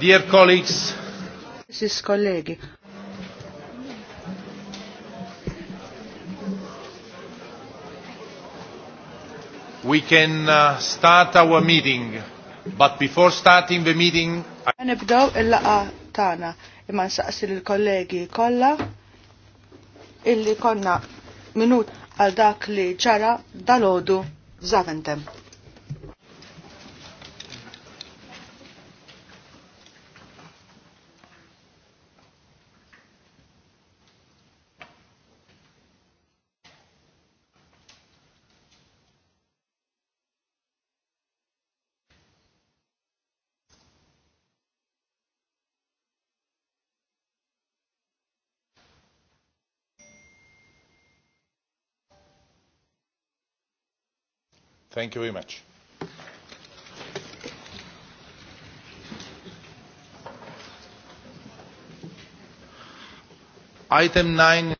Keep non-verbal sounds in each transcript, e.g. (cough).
Dear colleagues, Sis kollegi. We can uh, start our meeting, but before starting the meeting, Nibdaw il-laqa tana imma nsaqsil il-kollegi kolla illi konna minut għal dak li ġara dalodu zaventem. Thank you very much. Item 9.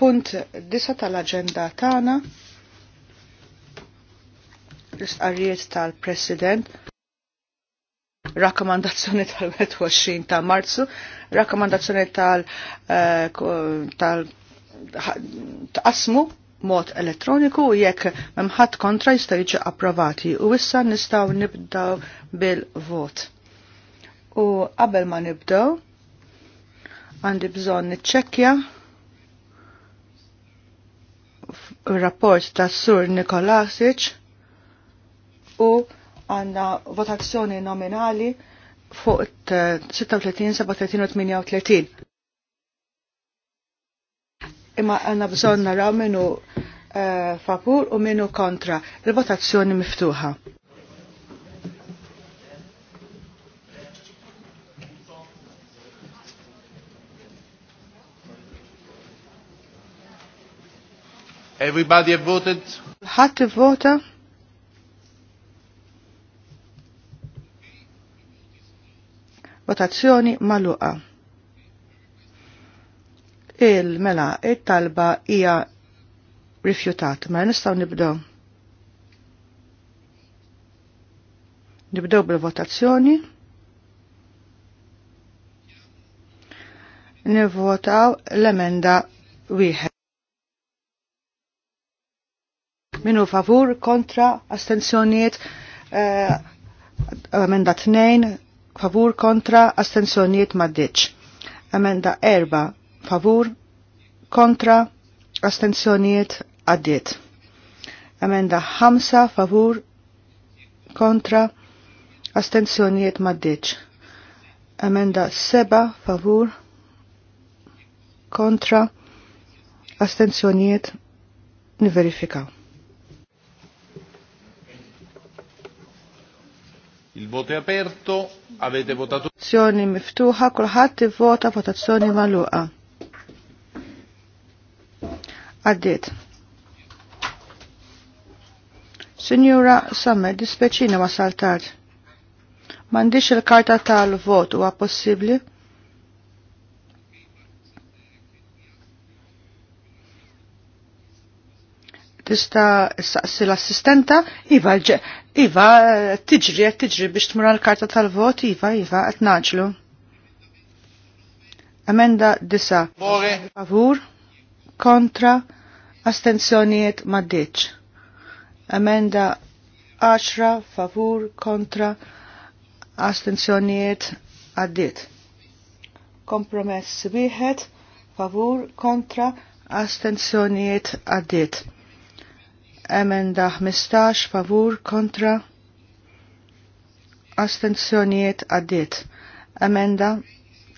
Punt disa tal-agenda tana. L-istqarrijiet tal-President. Rakkomandazzjoni (laughs) tal-21 ta' Marzu, rakkomandazzjoni tal- Uh, tal- mod elettroniku u jekk memħat kontra jista' jiġi approvati u issa nistgħu nibdaw bil-vot. U qabel ma nibdew għandi bżonn niċċekkja rapport ta' Sur Nikolasic u għandna votazzjoni nominali fuq 36, 37 u 38 imma għanna bżon naraw minnu eh, favur u minnu kontra. Il-votazzjoni miftuħa. Everybody have voted? to vote. Votazzjoni maluqa il-mela it-talba hija rifjutat. Ma mela, nistgħu nibdew. Nibdew bil-votazzjoni. Nivvotaw l-emenda wieħed. Minu favur, kontra, astenzjoniet, eh, emenda 2, favur, kontra, astenzjoniet maddiċ. Emenda erba' favur, kontra, astenzjonijiet għaddiet. Emenda 5 favur, kontra, astenzjonijiet maddiċ. Emenda 7 favur, kontra, astenzjonijiet niverifikaw. Il voto è aperto, avete votato. Votazioni miftuħa, kulħadd vota votazzjoni magħluqa. Għaddit. Signora Samer, dispeċina ma saltat. Mandiċ il-karta tal-vot u possibli? Tista saqsi l-assistenta, Iva, Iva, tiġri, tiġri biex tmura l-karta tal-vot, Iva, Iva, għatnaġlu. Amenda disa. Favur kontra astenzjoniet maddiċ. Amenda 10 favur kontra astenzjoniet addit. Kompromess wieħed favur kontra astenzjoniet addit. Amenda 15 favur kontra astenzjoniet addit. Amenda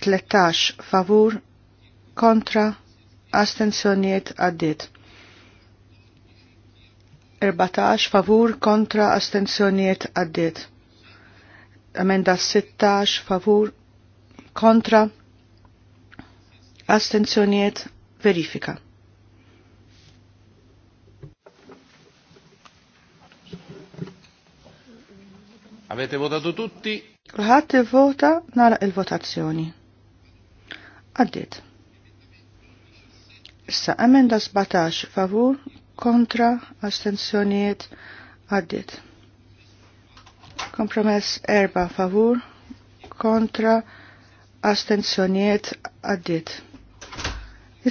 13 favur kontra astenzjonijiet għaddit. 14 favur kontra astenzjonijiet għaddit. Amenda 16 favur kontra astenzjonijiet verifika. Avete votato tutti? Kulħadd vota nara il-votazzjoni. Għaddit. Issa emenda 17 favur kontra astensjonijiet għaddit. Kompromess 4 favur kontra astensjonijiet għaddit.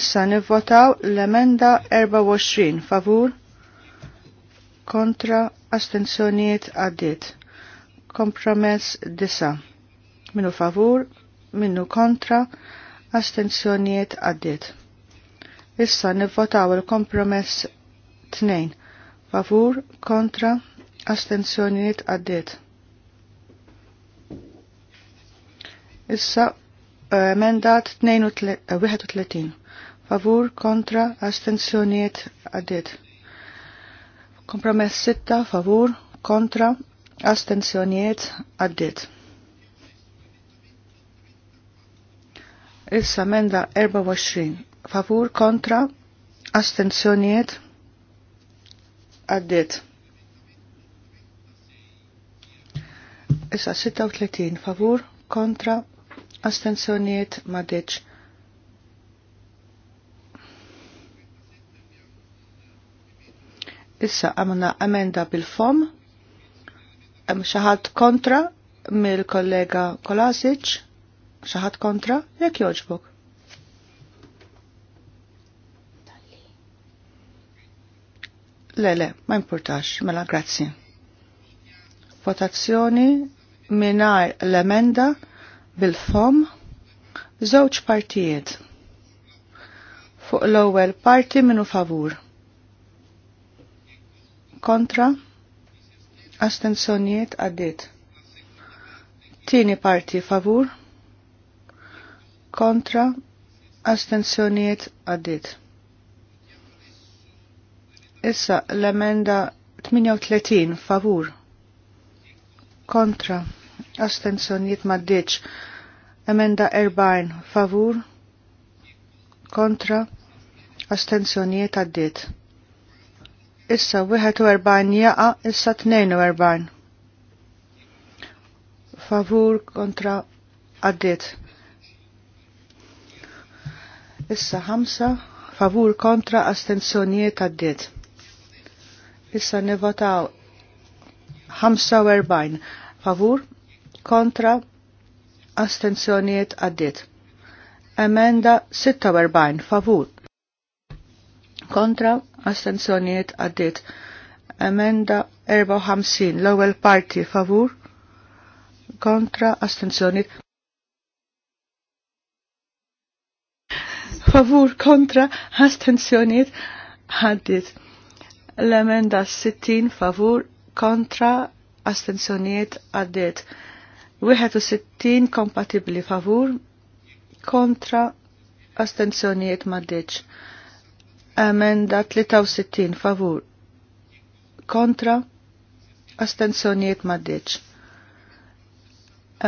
Issa nivvotaw l-emenda 24 favur kontra astensjonijiet għaddit. Kompromess disa. Minu favur, minu kontra, astensjonijiet għaddit. Issa nivvotaw il-kompromess tnejn. Favur kontra astenzjoniet għaddiet. Issa eh, emendat 31. Eh, favur kontra astenzjoniet għaddiet. Kompromess 6. Favur kontra astenzjonijiet għaddiet. Issa menda 24 favur kontra astenzjoniet għaddit. Issa 36 favur kontra astenzjoniet maddit. Issa għamna amenda bil-fom, għam xaħat kontra mill-kollega Kolasic, xaħat kontra, jek joġbok. Le, le, ma importax, mela, grazzi. Votazzjoni minar l-emenda bil-fom żewġ partijiet. Fuq l-ewwel parti minu favur. Kontra astenzjonijiet għaddit. Tieni parti favur. Kontra astenzjonijiet għaddiet. Issa l-emenda 38 favur kontra astenzjoniet maddiċ. Emenda 40 favur kontra astenzjoniet għaddit. Issa 41 jaqa, issa 42 favur kontra għaddit. Issa 5 favur kontra astenzjoniet għaddit. Issa nivotaw 45 favur kontra astenzjoniet għaddit. Emenda 46 favur kontra astenzjoniet għaddit. Emenda 54 l-ewwel parti favur kontra astenzjoniet. favur kontra astenzjoniet għaddit l-emenda 60 favur kontra astenzjoniet għaddiet. 61 kompatibli favur kontra astenzjoniet maddiċ. Emenda 63 favur kontra astenzjoniet maddiċ.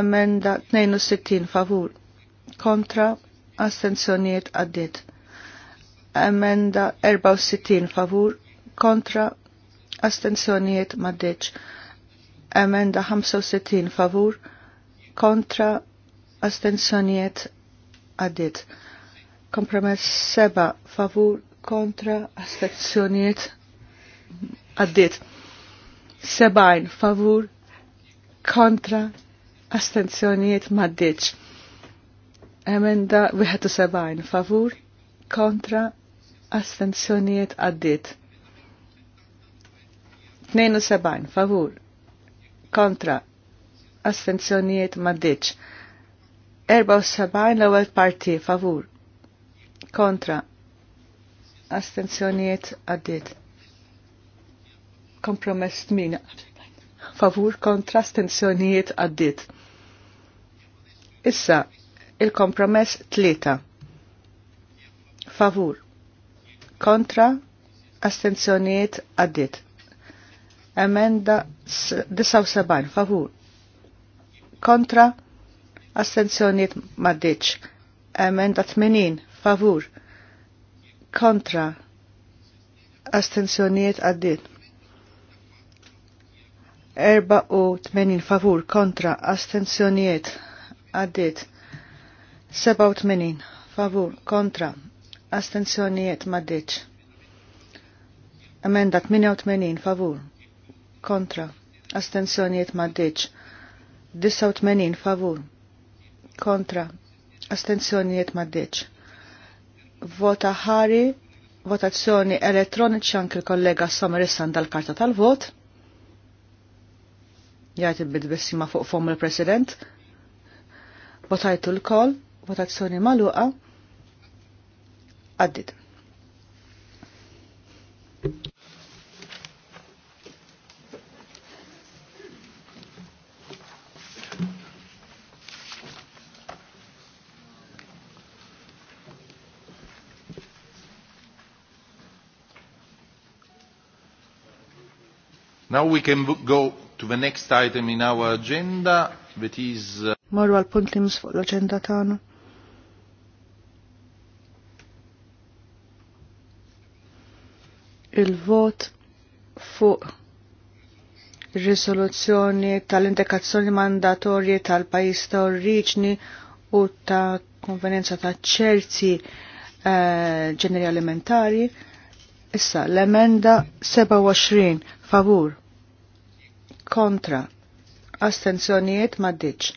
Emenda 62 favur kontra astenzjoniet għaddiet. Emenda 64 favur kontra astenzjonijiet maddeċ. Emenda 65 favur kontra astenzjonijiet għaddit. Kompromess 7 favur kontra astenzjonijiet għaddit. 70 favur kontra astenzjonijiet maddeċ. Emenda 71 favur kontra astenzjonijiet għaddit. 72 favur kontra astenzjonijiet maddiċ 74 l-ewwel parti favur kontra astenzjonijiet għaddit kompromess min favur kontra astenzjonijiet għaddit issa il-kompromess tlieta favur kontra astenzjonijiet għaddit Emenda 79 favur. Kontra. Astenzjoniet maddiċ. Emenda 80 favur. Kontra. Astenzjoniet għaddit. 84 favur kontra astenzjonijiet għaddit 87 favur kontra astenzjonijiet maddiċ emenda 88 favur kontra, astensjonijiet maddiċ, 89 favur, kontra, astensjonijiet maddiċ. Vota ħari, votazzjoni elettroniċi anke l-kollega Somer dal-karta tal-vot. Jgħati bid-bissima fuq fom il-president. Votajtu l-kol, votazzjoni maluqa. Għaddit. Now we can go to the next item in our agenda, that is... Uh... Marru għal-punt li misfuq l-agenda tagħna. Il-vot fuq risoluzzjoni tal-indikazzjoni mandatorji tal-pajis ta' oriġni u ta' konvenenza ta' ċerzi eh, ġeneri uh, alimentari. Issa, l-emenda 27, favur kontra, astenzjonijiet maddiċ.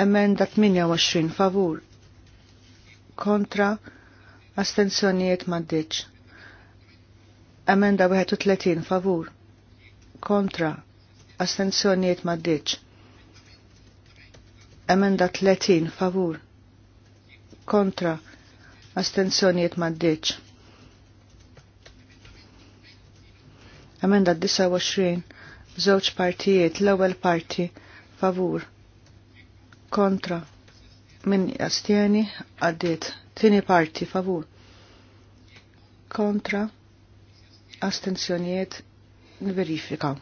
Emenda 28 favur, kontra, astenzjonijiet maddiċ. Emenda 31 favur, kontra, astenzjonijiet maddiċ. Emenda 30 favur, kontra, astenzjonijiet maddiċ. Emenda 29 Żewġ partijiet, l-ewwel parti favur kontra min jastieni għaddiet. Tieni parti favur kontra astenzjonijiet verifika.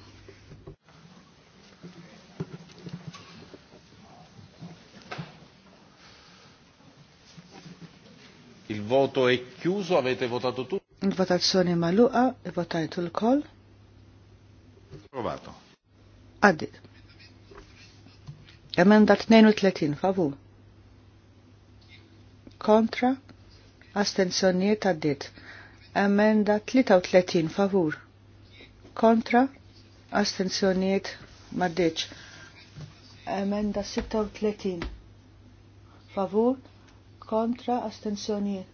Il voto è chiuso, avete votato tutti? Il votazione maluqa, e votajtu l-koll. Provato. Għaddit. Emenda 32, favu. Kontra. Astenzjoniet għaddit. Emenda 33, favur. Kontra. Astenzjoniet maddeċ. Emenda 36. Favur. Kontra. Astenzjoniet.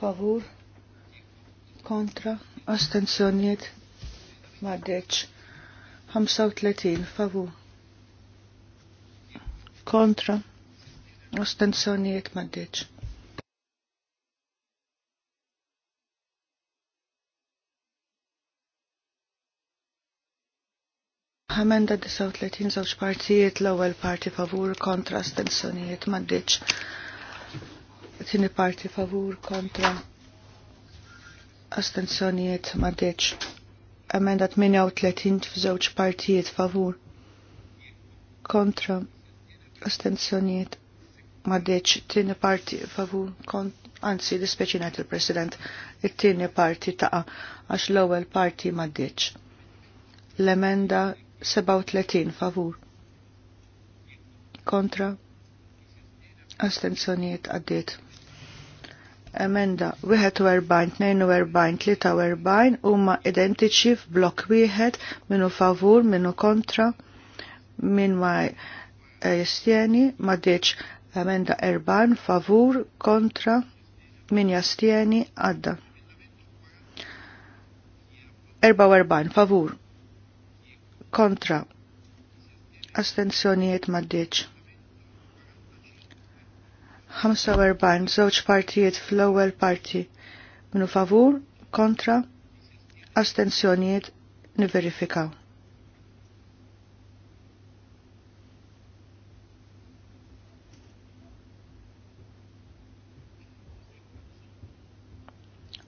favur, kontra, astenzjoniet maddeċ 35 favu kontra astenzjoniet maddeċ Amenda 39 żewġ partijiet l-ewwel parti favur kontra astenzjonijiet maddeċ. Tieni parti favur kontra astenzjonijiet ma deċ. Emenda 38 f'żewġ partijiet favur. Kontra astenzjonijiet ma deċ. Tini parti favur kont anzi dispeċinat il-President, it-tieni parti taqa għax l-ewwel parti ma deċ. L-emenda 37 favur. Kontra astenzjonijiet għaddit emenda 41-42-43 huma identiċi f'blok wieħed minnu favur, minnu kontra, minn ma eh, jastieni, ma deċ emenda 40 favur, kontra, minn jastieni, għadda. 44 favur, kontra, astenzjonijiet ma deċ. 45 żewġ partijiet fl-ewwel parti minu favur, kontra, astenzjonijiet niverifikaw.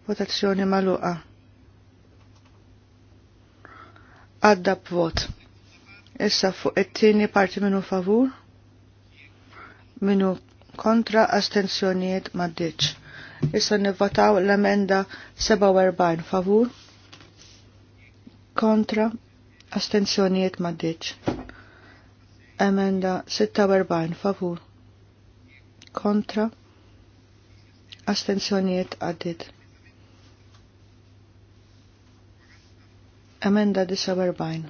Votazzjoni maluqa. Għadda b'vot. Issa fuq it-tieni parti minu favur, minu kontra astenzjoniet maddiċ. Issa nivvotaw l-emenda 47 favur kontra astenzjoniet maddiċ. Emenda 46 favur kontra astenzjoniet għaddit. Emenda 47.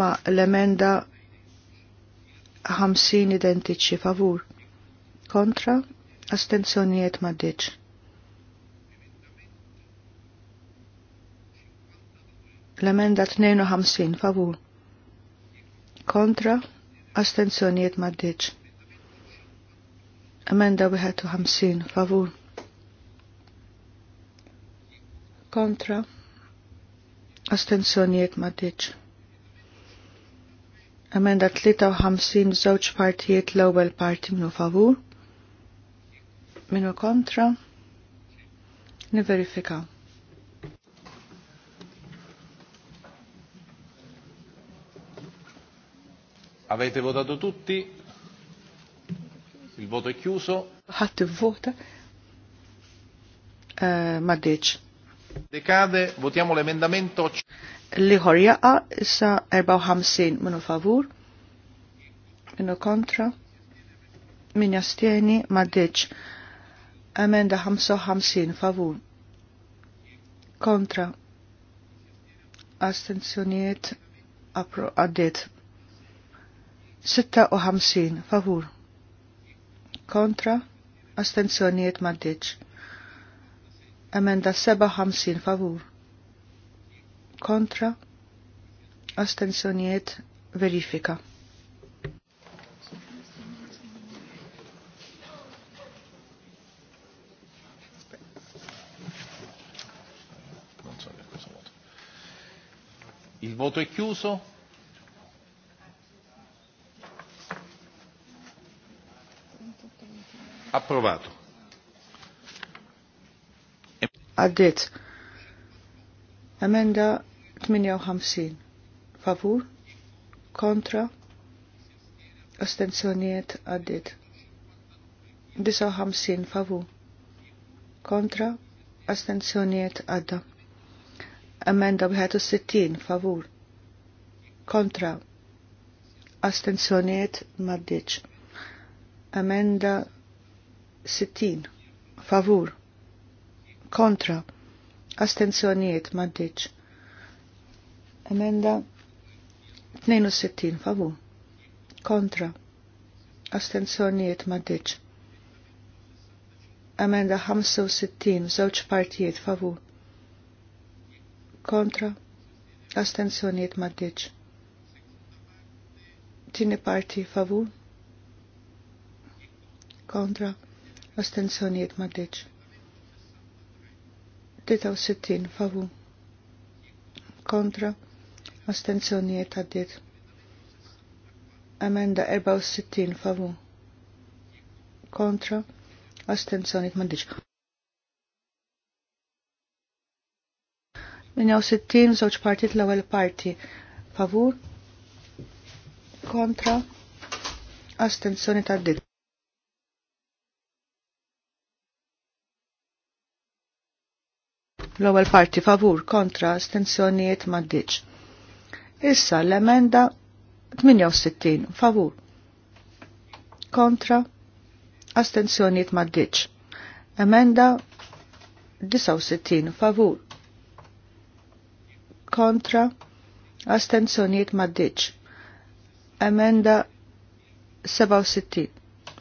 Ma l-emenda ħamsin identiċi favur. Kontra, astenzjonijiet maddiċ. L-emenda 52 favur. Kontra, astenzjonijiet maddiċ. Emenda 51 favur. Kontra, astenzjonijiet maddiċ. Emenda 53 żewġ partijiet l-ewwel parti minu favur. Minu kontra. Niverifikaw. Avete votato tutti? Il voto è chiuso. Hatte vota. Eh, ma dice. Dekade, votiamo l-emendamento. Liħor jaqa, issa 54 minu favur, minu kontra, min jastieni maddeċ. Emenda 55 favur, kontra, astenzjoniet għaddit. 56 favur, kontra, astenzjoniet maddeċ. Emenda 57 favur. Kontra. Astenzjonijiet verifika. Il voto è chiuso. Approvato għaddit. Amenda 58. Favur, kontra, astenzjoniet għaddit. 59 favur. Kontra, astenzjoniet għadda. Amenda 61 favur. Kontra, astenzjoniet maddiċ. Amenda 60 favur Kontra? kontra astenzjonijiet maddiċ emenda 62 favu kontra astenzjonijiet maddiċ emenda 65 żewġ partijiet favu kontra astenzjonijiet maddiċ tini parti favu kontra astenzjonijiet maddiċ 63 favu kontra astenzjonijiet għaddit. Amenda 64 favu kontra astenzjonijiet mandiċ. 60 żewġ partit l-ewwel parti favur kontra astenzjoni tad-dit. L-ewwel parti favur kontra astensjonijiet maddiċ. Issa l-emenda 68 favur kontra astensjonijiet maddiċ. Emenda 69 favur kontra astensjonijiet maddiċ. Emenda 67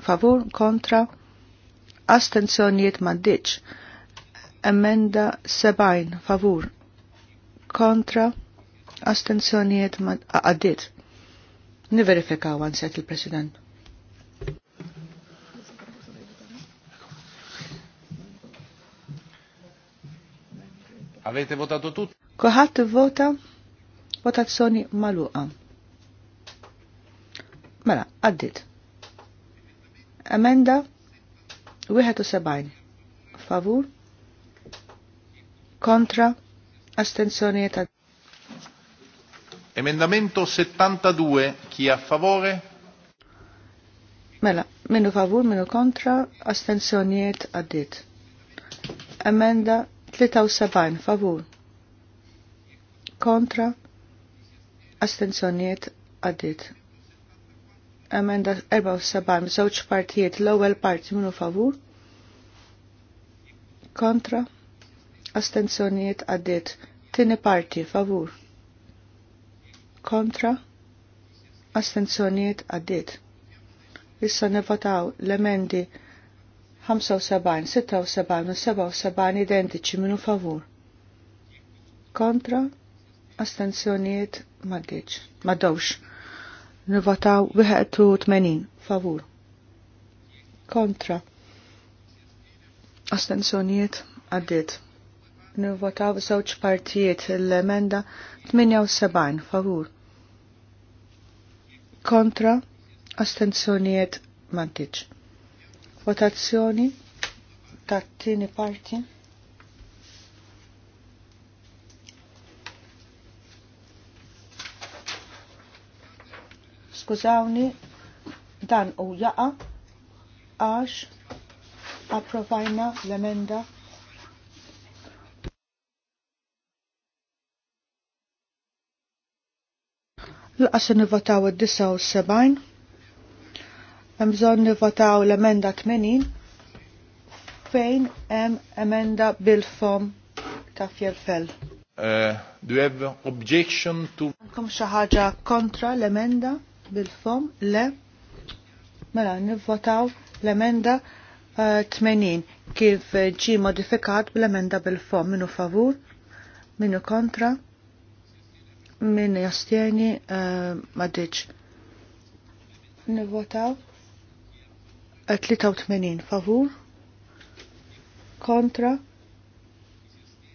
favur kontra astenzjoniet maddiċ. Emenda 70 favur kontra astenzjonijiet ma għaddit. Niverifikaw għanset il-President. Avete votato tutti? Kohat vota votazzjoni maluqa. Mela, għaddit. Emenda 71. Favur? kontra, astensjoniet għaddiet. Emendamento 72, chi a favore? Mela, minu favur, minu kontra, astensjoniet għaddit. Emenda 73, favor? Kontra, astensjoniet għaddit. Emenda 74, żewġ partijiet, l-ewwel parti minu favur. Kontra, astenzjonijiet għaddit. Tini parti favur. Kontra astenzjonijiet għaddit. Issa nevotaw l-emendi 75, 76 u 77 identiċi minu favur. Kontra, astenzjoniet maddiċ, maddawx. Nivotaw 81 favur. Kontra, astenzjoniet għaddit nivvotaw żewġ partijiet l-emenda 78 favur. Kontra astenzjonijiet mantiġ. Votazzjoni tat-tieni parti. Skużawni, dan u jaqa għax approvajna l-emenda 78. Laqas nivotaw id-79. Hemm bżonn nivotaw l-emenda 80 fejn hemm emenda bil-fom ta' fjelfel. Uh, eh, do you have objection to... Kom xaħġa kontra l-emenda bil-fom le. Mela, nivvotaw l-emenda uh, eh, 80 kif ġi modifikat bl-emenda bil-fom minu favur, minu kontra. Min jastieni uh, eh, maddiċ. Nivvotaw 83 eh, favur kontra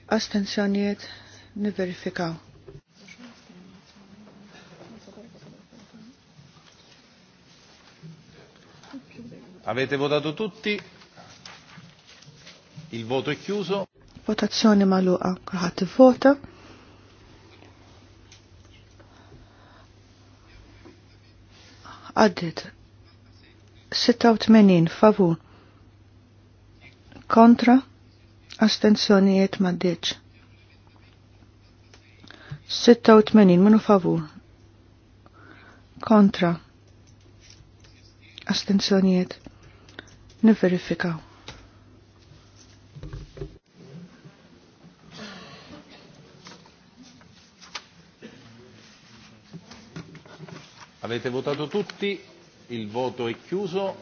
astenzjonijiet niverifikaw. Avete votato tutti? Il voto è chiuso. Votazione maluqa. Kħat vota. Għaddit. 86 favur. Kontra. Astenzjonijiet maddiċ. 86 minu favur. Kontra. Astenzjonijiet. Niverifikaw. Avete votato tutti? Il voto è chiuso.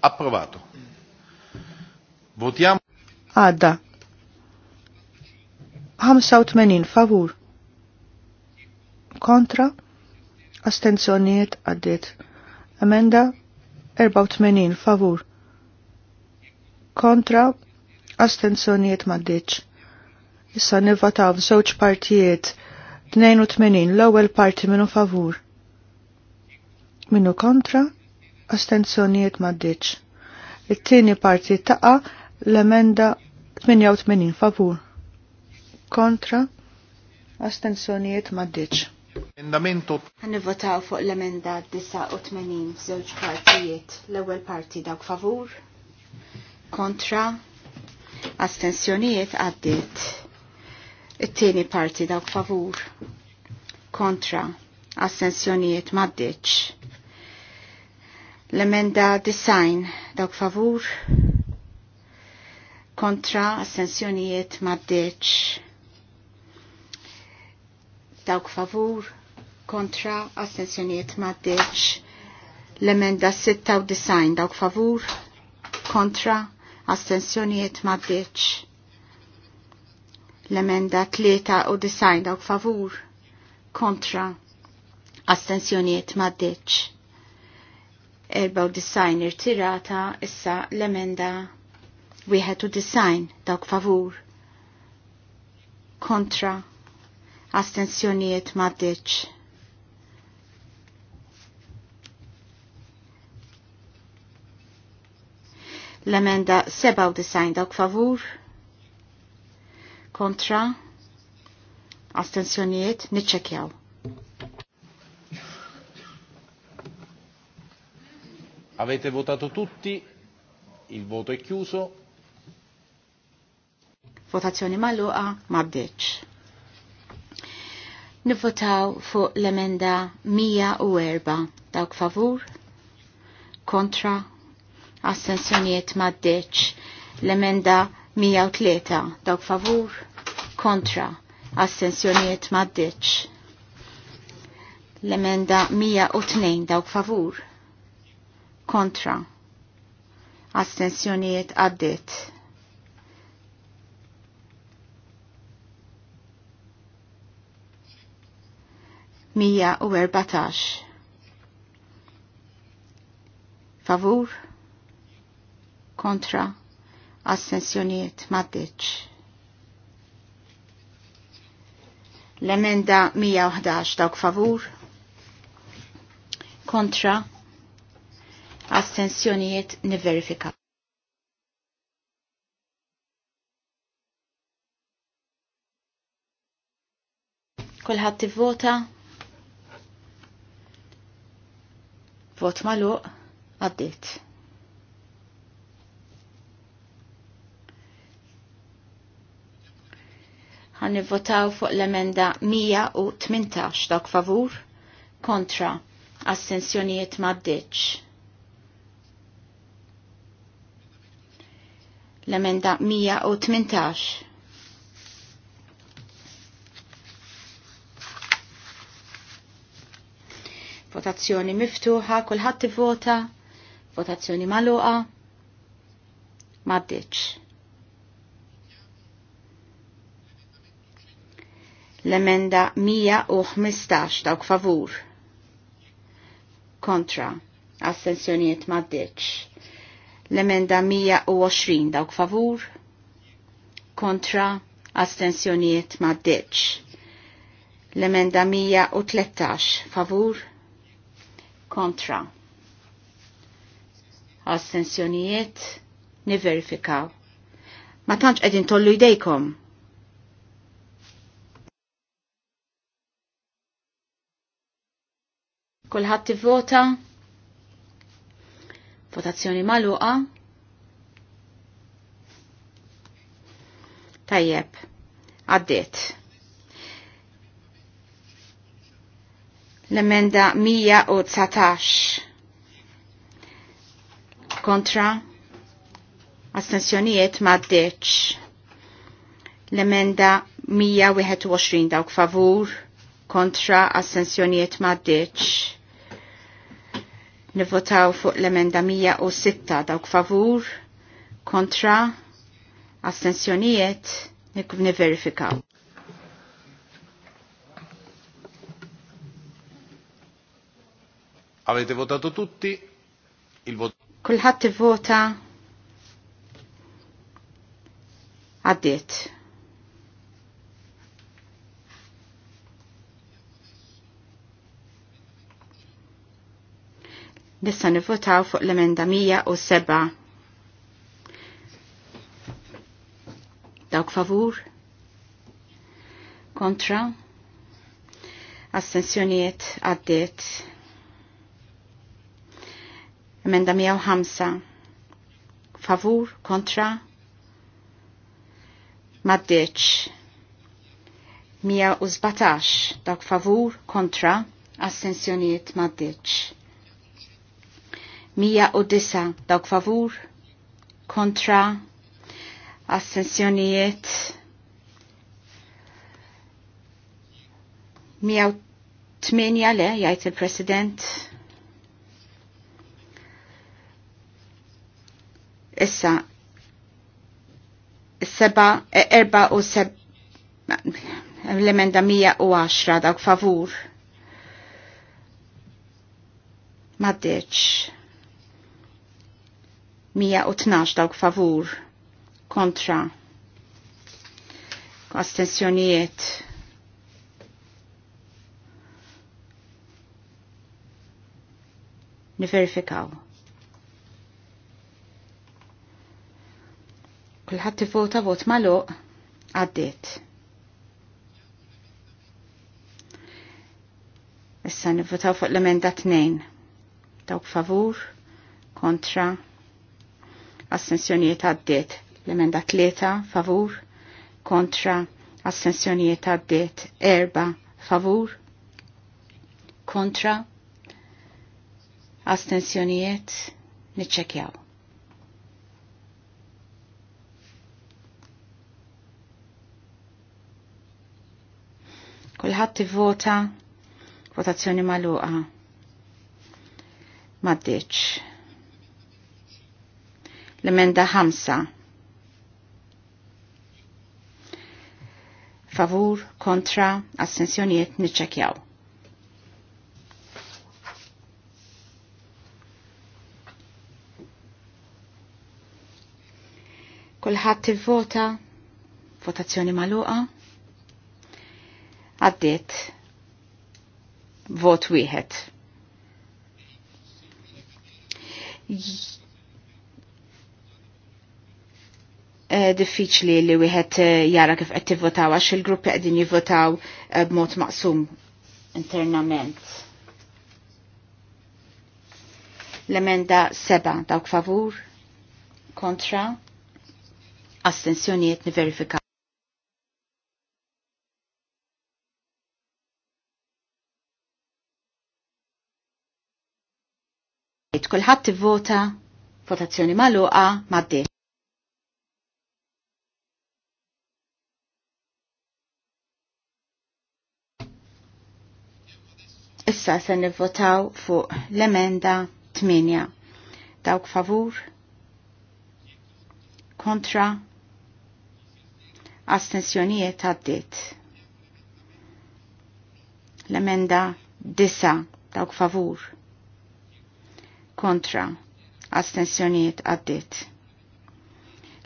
Approvato. Votiamo. Għadda. 85 favur. Kontra. Astenzjoniet għaddit. Emenda 84 favur. Kontra. Astenzjoniet maddiċ. Issa nivvataw żewġ partijiet 82 l-ewwel parti minnu favur. Minnu kontra, astenzjonijiet maddiċ. It-tieni parti taqa l-emenda 88 favur. Kontra, astenzjonijiet maddiċ. Emendamentu. Għanivvotaw fuq l-emenda 89 żewġ partijiet. L-ewwel parti dawk favur. Kontra, astenzjonijiet għaddiet It-tieni parti dawk favur. Kontra. Assenzjonijiet maddiċ. L-emenda design dawk favur. Kontra. Assenzjonijiet maddiċ. Dawk favur. Kontra. Assenzjonijiet maddiċ. L-emenda design, dawk favur. Kontra. assenzjonijiet maddiċ L-emenda 3 u disajn dawk favur kontra astensjoniet maddeċ. disajn irtirata issa l-emenda wieħed u disajn dawk favur kontra astensjoniet maddeċ. l-emenda u disajn dawk favur kontra, astensjonijiet, nitċekjaw. Avete votato tutti, il voto è chiuso. Votazzjoni maluqa ma bdeċ. Nivvotaw fuq l-emenda 104 dawk favur, kontra, astensjonijiet mabdeċ. L-emenda 103 dawk favur kontra assenzjoniet maddeċ. L-emenda 102 dawk favur kontra astensjonijiet għaddit. Mija u erbatax. Favur? Kontra? assenzjoniet maddeċ. L-emenda 111 dawk favur kontra assenzjoniet niverifika. Kulħadd tivvota? Vot maluq għaddit. Għan votaw fuq l-emenda 118 dak favur kontra assenzjonijiet maddeċ. L-emenda 118 votazzjoni miftuħa, kulħadd vota, votazzjoni magħluqa, Maddeċ. L-emenda 115 dawk favur. Kontra. Astensjonijiet maddiċ. L-emenda 120 dawk favur. Kontra. Astensjonijiet maddiċ. L-emenda 113 favur. Kontra. Astensjonijiet niverifikaw. Ma tantx qegħdin tollu jdejkom. Kulħadd tivvota. Votazzjoni magħluqa. Tajjeb, għaddiet. L-emenda 119 kontra astensjonijiet ma' għaddit. L-emenda 121 dawk favur kontra astensjonijiet ma' għaddit. Nivotaw fuq l-emenda 106 dawk favur, kontra, astensjonijiet, nivverifikaw. Avete votato tutti? Il voto. Kulħadd ivvota għaddiet. Nissa nivotaw fuq l-emenda 107. Dawk favur? Kontra? Assenzjoniet għaddiet. Emenda 105. Favur? Kontra? Maddeċ. 117. Dawk favur? Kontra? Assenzjoniet maddeċ disa dawk favur kontra assenzjonijiet tmenja le jgħid il-President issa seba e, erba u seb l-emenda 110 dawk favur maddeċ 112 dawk favur kontra astensjonijiet niverifikaw. Kulħadd vota vot magħluq għaddit. Issa nivvotaw fuq l-emenda 2. Dawk favur, kontra, assenzjonijiet għaddiet. L-emenda 3 favur kontra assenzjonijiet għaddiet. Erba favur kontra astensjonijiet niċċekjaw. Kulħadd vota votazzjoni magħluqa. Maddiċ. L-emenda 5. Favur, kontra, assenzjoniet niċċekjaw. Kulħadd ivvota votazzjoni magħluqa. Għaddiet vot wieħed Eh, diffiċli li wieħed eh, jara kif qed tivvotaw għax il-gruppi qegħdin jivvotaw eh, b'mod maqsum internament. L-emenda seba dawk favur, kontra, astensjonijiet niverifikaw. Kulħadd tivvota votazzjoni magħluqa maddi. Issa se nivvotaw fuq l-emenda 8. Dawk favur? Kontra? Astensjonijiet għaddit. L-emenda 9. Dawk favur? Kontra? Astensjonijiet għaddit.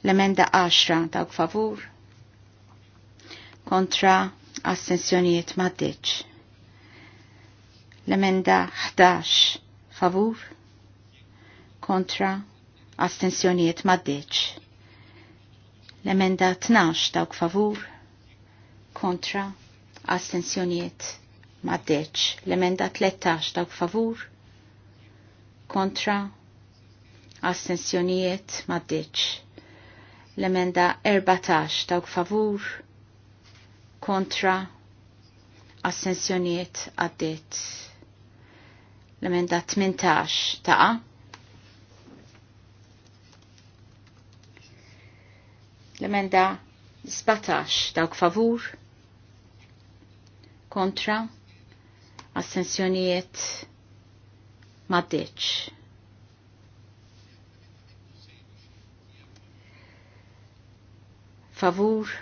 L-emenda 10. Dawk favur? Kontra? Astensjonijiet maddiċ L-emenda 11 favur kontra astensjoniet maddeċ. L-emenda 12 dawk favur kontra astensjoniet maddeċ. L-emenda 13 dawk favur kontra astensjoniet maddeċ. L-emenda 14 dawk favur kontra astensjoniet maddeċ. L-emenda 18 ta' L-emenda 17 dawk favur kontra assenzjonijiet maddeċ. Favur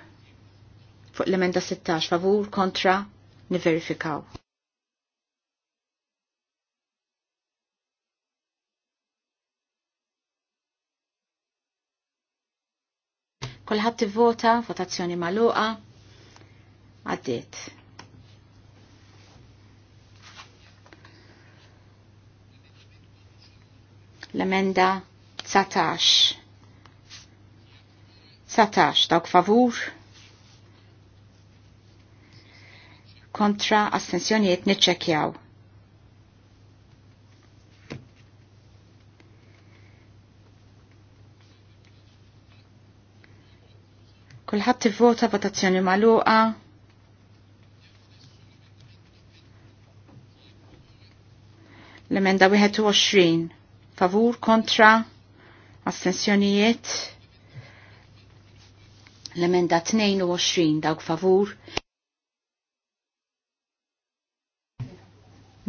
fuq l-emenda 16 favur kontra niverifikaw. Kolħat vota, votazzjoni maluqa, għaddit. L-emenda 19. 19, dawk favur. Kontra astensjonijiet niċċekjaw. Kulħadd vota votazzjoni magħluqa. L-emenda 21 favur kontra astensjonijiet. L-emenda 22 dawk favur.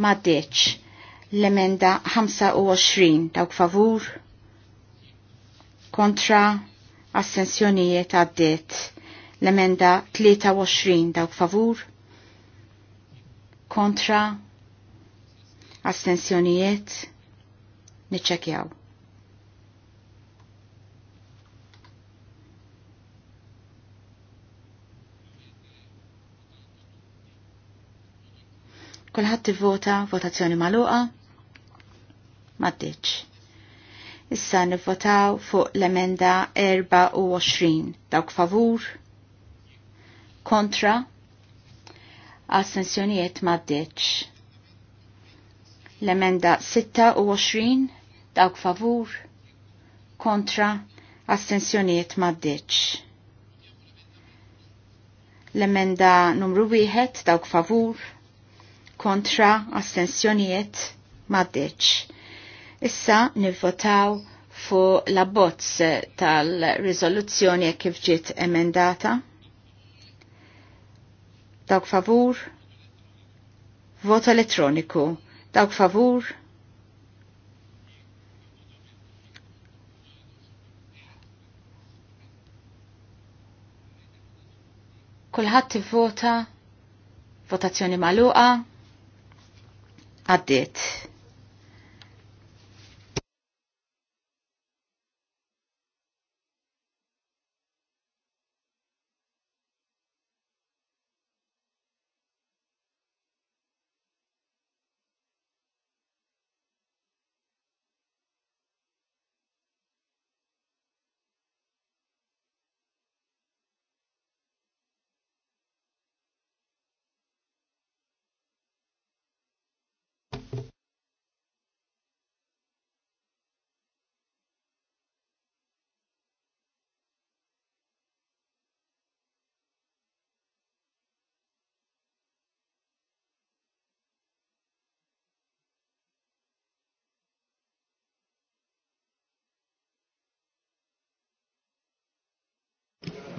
Maddeċ. L-emenda 25 dawk favur kontra assenzjonijiet għaddiet l-emenda 23 dawk favur kontra assenzjonijiet niċċekjaw. Kulħadd ivvota votazzjoni magħluqa m'għaddiċ. Issa nivvotaw fuq l-emenda 24. Dawk favur? Kontra? Assenzjonijiet maddeċ. L-emenda 26. Dawk favur? Kontra? Assenzjonijiet maddeċ. L-emenda numru 1. Dawk favur? Kontra? Assenzjonijiet maddeċ Issa nivvotaw fu la bozz tal-rizoluzzjoni e kif ġiet emendata. Dawk favur. Vot elettroniku. Dawk favur. Kulħadd tivvota votazzjoni magħluqa għaddiet.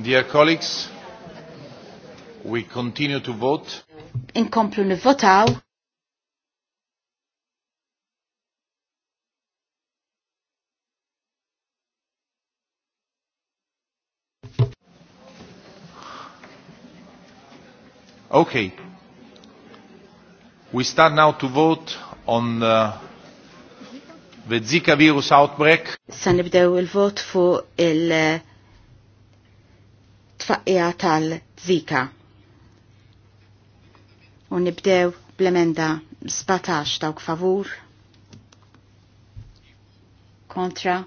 Dear colleagues, we continue to vote. Inkomplu nivvotaw. Okay. We start now to vote on uh, the Zika virus outbreak. Sanibdew il-vot fu il-, -vot fu il tfaqqija tal-Zika. U nibdew bl-emenda 17 dawk favur kontra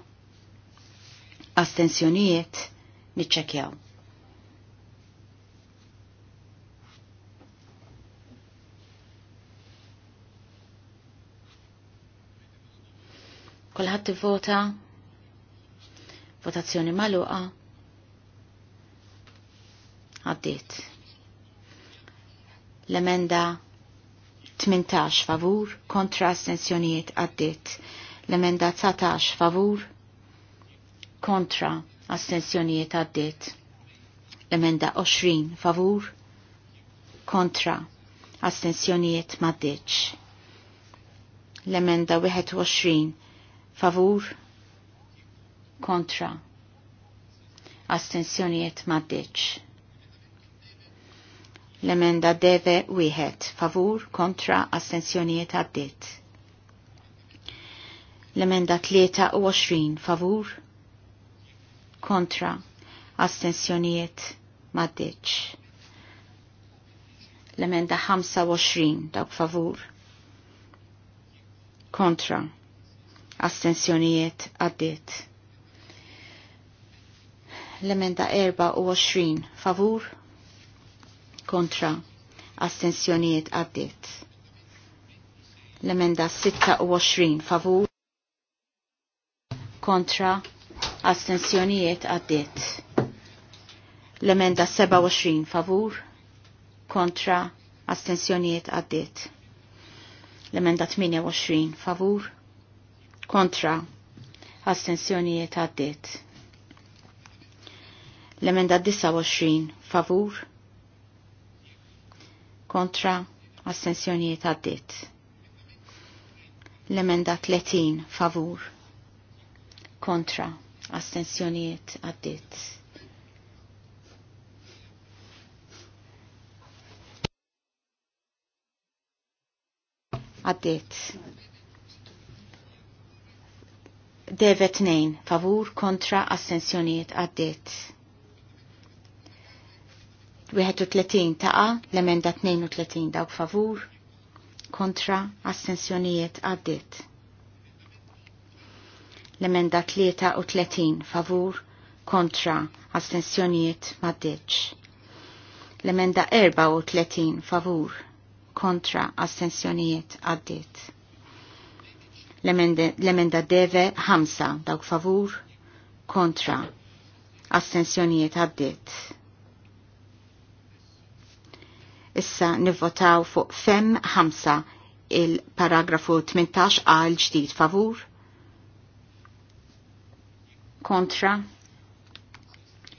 astensjonijiet niċċekjaw. Kolħat vota votazzjoni maluqa Għaddit. L-emenda 18 favur kontra astensjonijiet għaddit. L-emenda 19 favur kontra astensjonijiet għaddit. L-emenda 20 favur kontra astensjonijiet maddiċ. L-emenda 21 favur kontra astensjonijiet maddiċ. L-emenda deve wieħed favur kontra astensjonijiet għaddit. L-emenda 23 favur kontra astensjonijiet maddiċ. L-emenda 25 dawk favur kontra astensjonijiet għaddit. L-emenda 24 favur kontra astensjonijiet għaddit. L-emenda 26 favur kontra astensjonijiet għaddit. L-emenda 27 favur kontra astensjonijiet għaddit. L-emenda 28 favur kontra astensjonijiet għaddit. L-emenda 29 favur kontra assenzjonijiet għaddit. L-emenda 30 favur kontra assenzjonijiet għaddit. Għaddit. Devet nejn favur kontra astensjonijiet għaddit. 31 taqa, l-emenda 32 dawk favur, kontra assenzjonijiet għaddit. L-emenda 33 favur, kontra assenzjonijiet maddiċ. L-emenda 34 favur, kontra assenzjonijiet għaddit. L-emenda deve 5 dawk favur, kontra assenzjonijiet għaddit Issa nivvotaw fuq fem ħamsa il-paragrafu 18 għal ġdid favur. Kontra.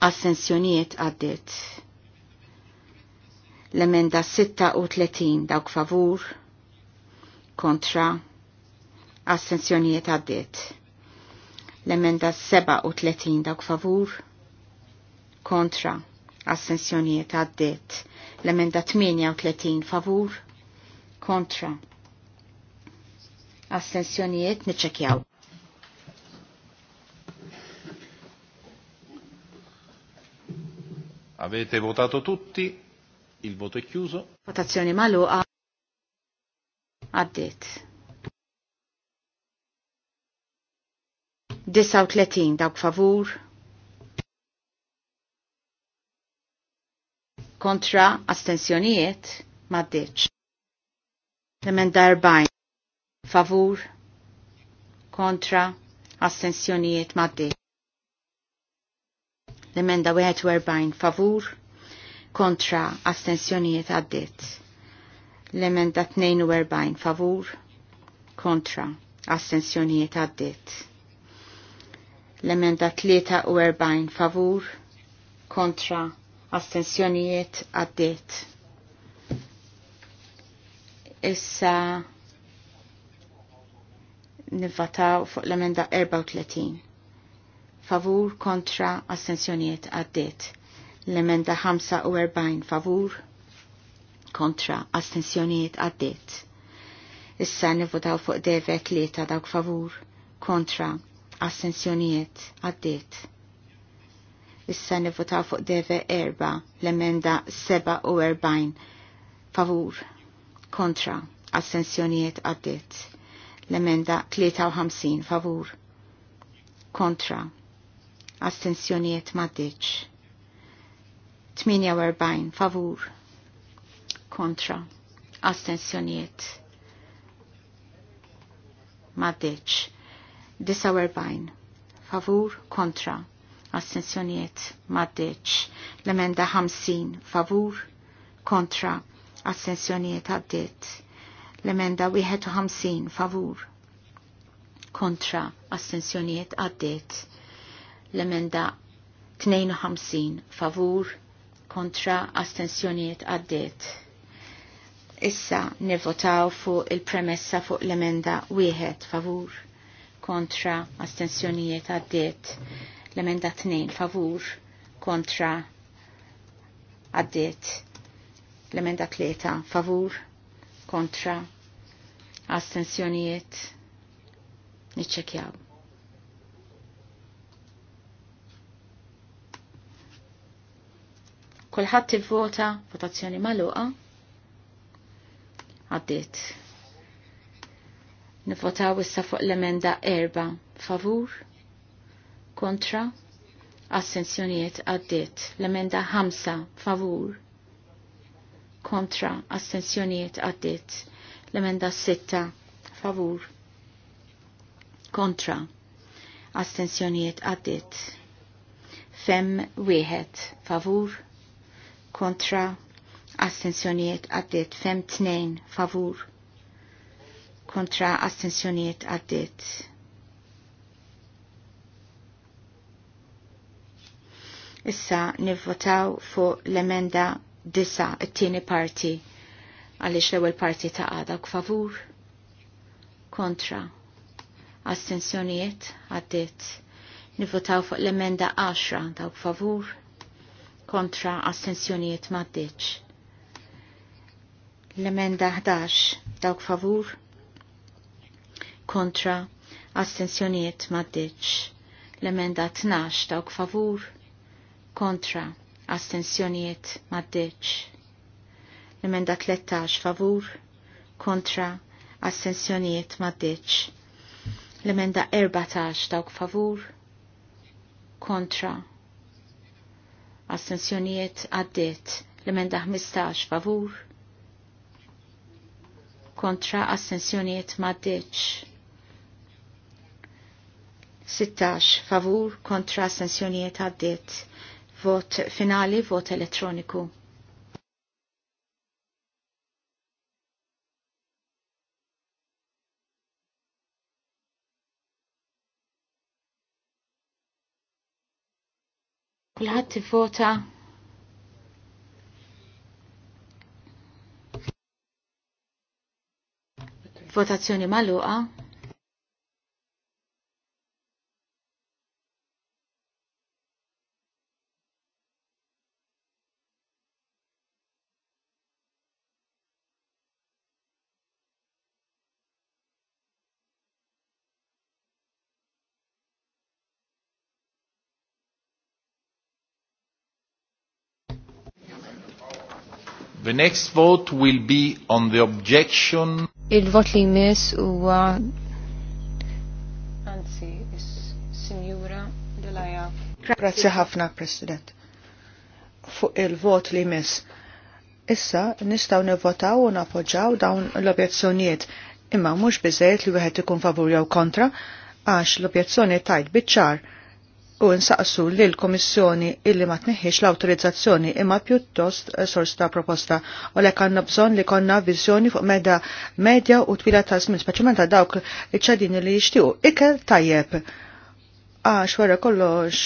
Assenzjonijiet għaddit. L-emenda 36 dawk favur. Kontra. Assenzjonijiet għaddit. L-emenda 37 dawk favur. Kontra. Assenzjonijiet għaddit L-emenda 38 favur kontra. Astensjonijiet niċċekjaw. Avete votato tutti? Il voto è chiuso. Votazione a Addit. 39 dawk favur kontra astensjonijiet maddiċ. L-emenda 40 favur kontra astensjonijiet maddiċ. L-emenda 41 favur kontra astensjonijiet għaddit. L-emenda 42 favur kontra astensjonijiet għaddit. L-emenda 43 favur kontra astensjonijiet għaddiet. Issa nivvataw fuq l-emenda 34. Favur kontra astensjonijiet għaddiet. L-emenda 45 favur kontra astensjonijiet għaddiet. Issa nivvataw fuq devet li ta' dawk favur kontra astensjonijiet għaddiet. Issa nivotaw fuq deve erba l-emenda 47 favur kontra assenzjonijiet għaddit. L-emenda 53 favur kontra assenzjonijiet maddiċ. 48 favur kontra assenzjonijiet maddiċ 49 favur kontra assenzjoniet maddeċ. L-emenda 50 favur kontra assenzjoniet għaddit. L-emenda 51 favur kontra assenzjoniet għaddit. L-emenda 52 favur kontra astensjoniet għaddiet. Issa nivvotaw fuq il-premessa fuq l-emenda wieħed favur kontra astensjonijiet għaddiet. L-emenda 2 favur kontra għaddiet. L-emenda 3 favur kontra astensjonijiet niċċekjaw. Kolħat il-vota, votazzjoni maluqa, għaddiet. Nivvotaw issa fuq l-emenda erba' favur kontra, assenzjonijiet għaddit, L-emenda 5 favur kontra, assenzjoniet għaddit, L-emenda 6 favur kontra, assenzjoniet għaddit, Fem wieħed favur kontra, assenzjoniet għaddit, fem tnejn favur kontra assenzjoniet għaddit. Issa nivvotaw fuq l-emenda disa it-tieni parti għaliex l-ewwel parti ta' għada favur kontra astensjonijiet għaddiet. Nivvotaw fuq l-emenda 10 dawk favur kontra astensjonijiet maddiċ. L-emenda 11 dawk favur kontra astensjonijiet maddiċ. L-emenda 12 dawk favur kontra astensjonijiet maddeċ. L-emenda 13 favur kontra astensjonijiet maddeċ. L-emenda 14 dawk favur kontra astensjonijiet għaddiet. L-emenda 15 favur kontra astensjonijiet maddeċ. 16 favur kontra astensjonijiet għaddiet. Vot finali, vot elettroniku. Kulħadd tivvota votazzjoni maluqa. The next vote will be on the objection. Il-vot li jmiss huwa anzi is-Sinjura Delaja. Grazzi ħafna, President. Fuq il-vot li jmiss. Issa nistgħu nivvotaw u napoġġaw dawn l-objezzjonijiet imma mhux biżejjed li wieħed ikun favur jew kontra għax l-objezzjoni tajt biċ-ċar u nsaqsu li l-Komissjoni illi ma tneħħiex l-autorizzazzjoni imma pjuttost eh, sors ta' proposta u lek għandna bżonn li konna viżjoni fuq meda medja u twila ta' żmien, speċjalment ta' dawk iċ-ċadini li jixtiequ ikel tajjeb għax wara kollox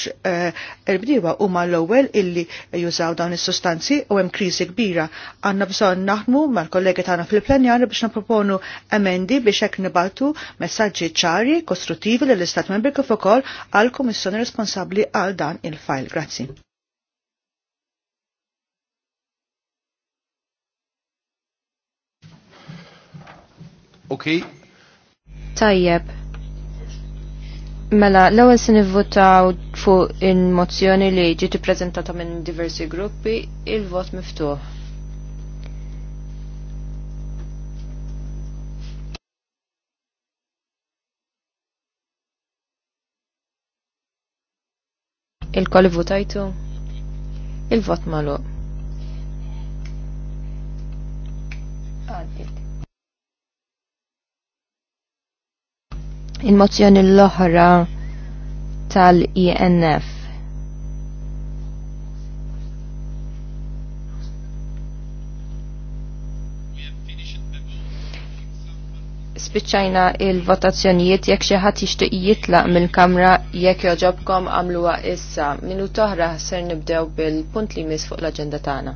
erbdiwa eh, u huma l-ewwel illi jużaw dawn is-sustanzi u hemm kriżi kbira. Għandna bżonn naħdmu mal-kollegi tagħna fil-plenjar biex naproponu emendi biex hekk nibaltu messaġġi ċari, kostruttivi lill istat Membri kif ukoll għall kummissjoni responsabbli għal dan il-fajl. Grazzi. Okay. Tajjeb. Mela, l-ewwel se nivvotaw fuq il-mozzjoni li ġiet ippreżentata minn diversi gruppi, il-vot miftuħ. il kolli votajtu? Il-vot magħluq. il-mozzjoni l-oħra tal-INF. Spiċċajna il-votazzjonijiet jekk xi ħadd jixtieq jitlaq mill-kamra jekk joġobkom għamluha issa. Minu oħra ser nibdew bil-punt li jmiss fuq l-aġenda tagħna.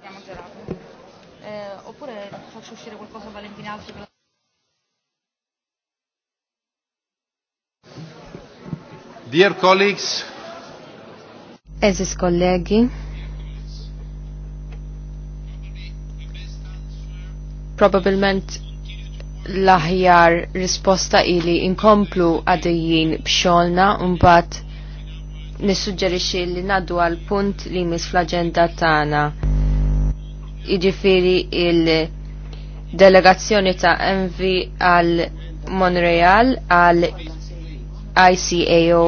gelato. Eh, oppure faccio uscire qualcosa Valentina Alfi per la... Dear colleagues, Eżis kollegi, probabilment l-aħjar risposta ili inkomplu għadejjien bxolna un-bat nissuġġerixi li naddu għal punt li mis fl-agenda tana iġifiri il-delegazzjoni ta' MV għal Monreal għal ICAO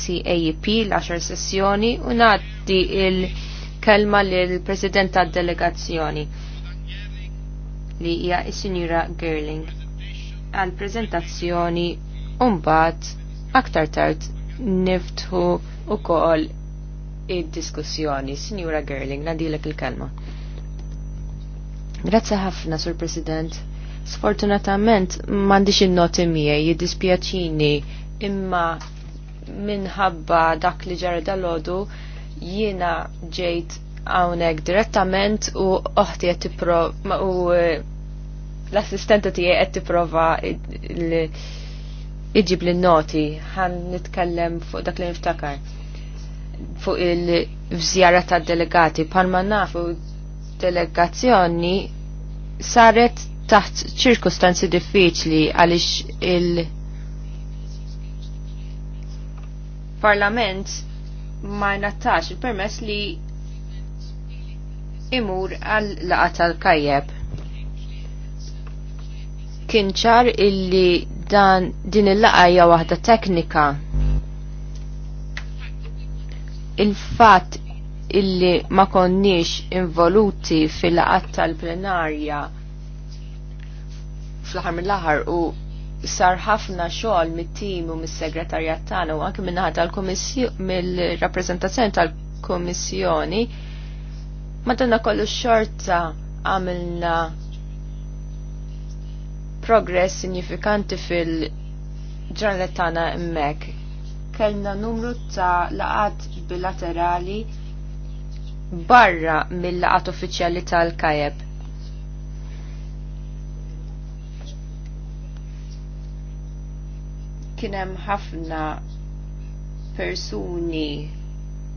CAEP l-10 sessjoni u nagħti il-kelma lill-President tad-delegazzjoni li hija is-Sinjura Gerling għal prezentazzjoni mbagħad aktar tard niftħu u kol id-diskussjoni. Signora Gerling, nadilek il-kelma. Grazzi ħafna, Sur President. Sfortunatament, mandiċ il-noti miegħi jiddispjaċini imma minħabba dak li ġara dal-ħodu jiena ġejt hawnhekk direttament u oħti qed prova u eh, l-assistenta tiegħi qed tipprova iġib l-noti ħan nitkellem fuq dak li niftakar fuq il vżjara tad-delegati palma nafu delegazzjoni saret taħt ċirkustanzi diffiċli għaliex il- Parlament ma jnattax il-permess li imur għal laqa tal-kajjeb. Kien ċar illi dan din il-laqa hija waħda teknika. il fat illi ma konniex involuti fil-laqat tal-plenarja fl-ħar mill-ħar u sar ħafna xogħol mit-tim u mis-segretarjat tagħna u anke minnaħat tal-kummissjoni mill-rappreżentazzjoni tal-kummissjoni madanna kollu xorta għamilna progress sinifikanti fil-ġranet tagħna hemmhekk. Kellna numru ta' laqat bilaterali barra mill-laqat uffiċjali tal-kajeb. Kienem ħafna persuni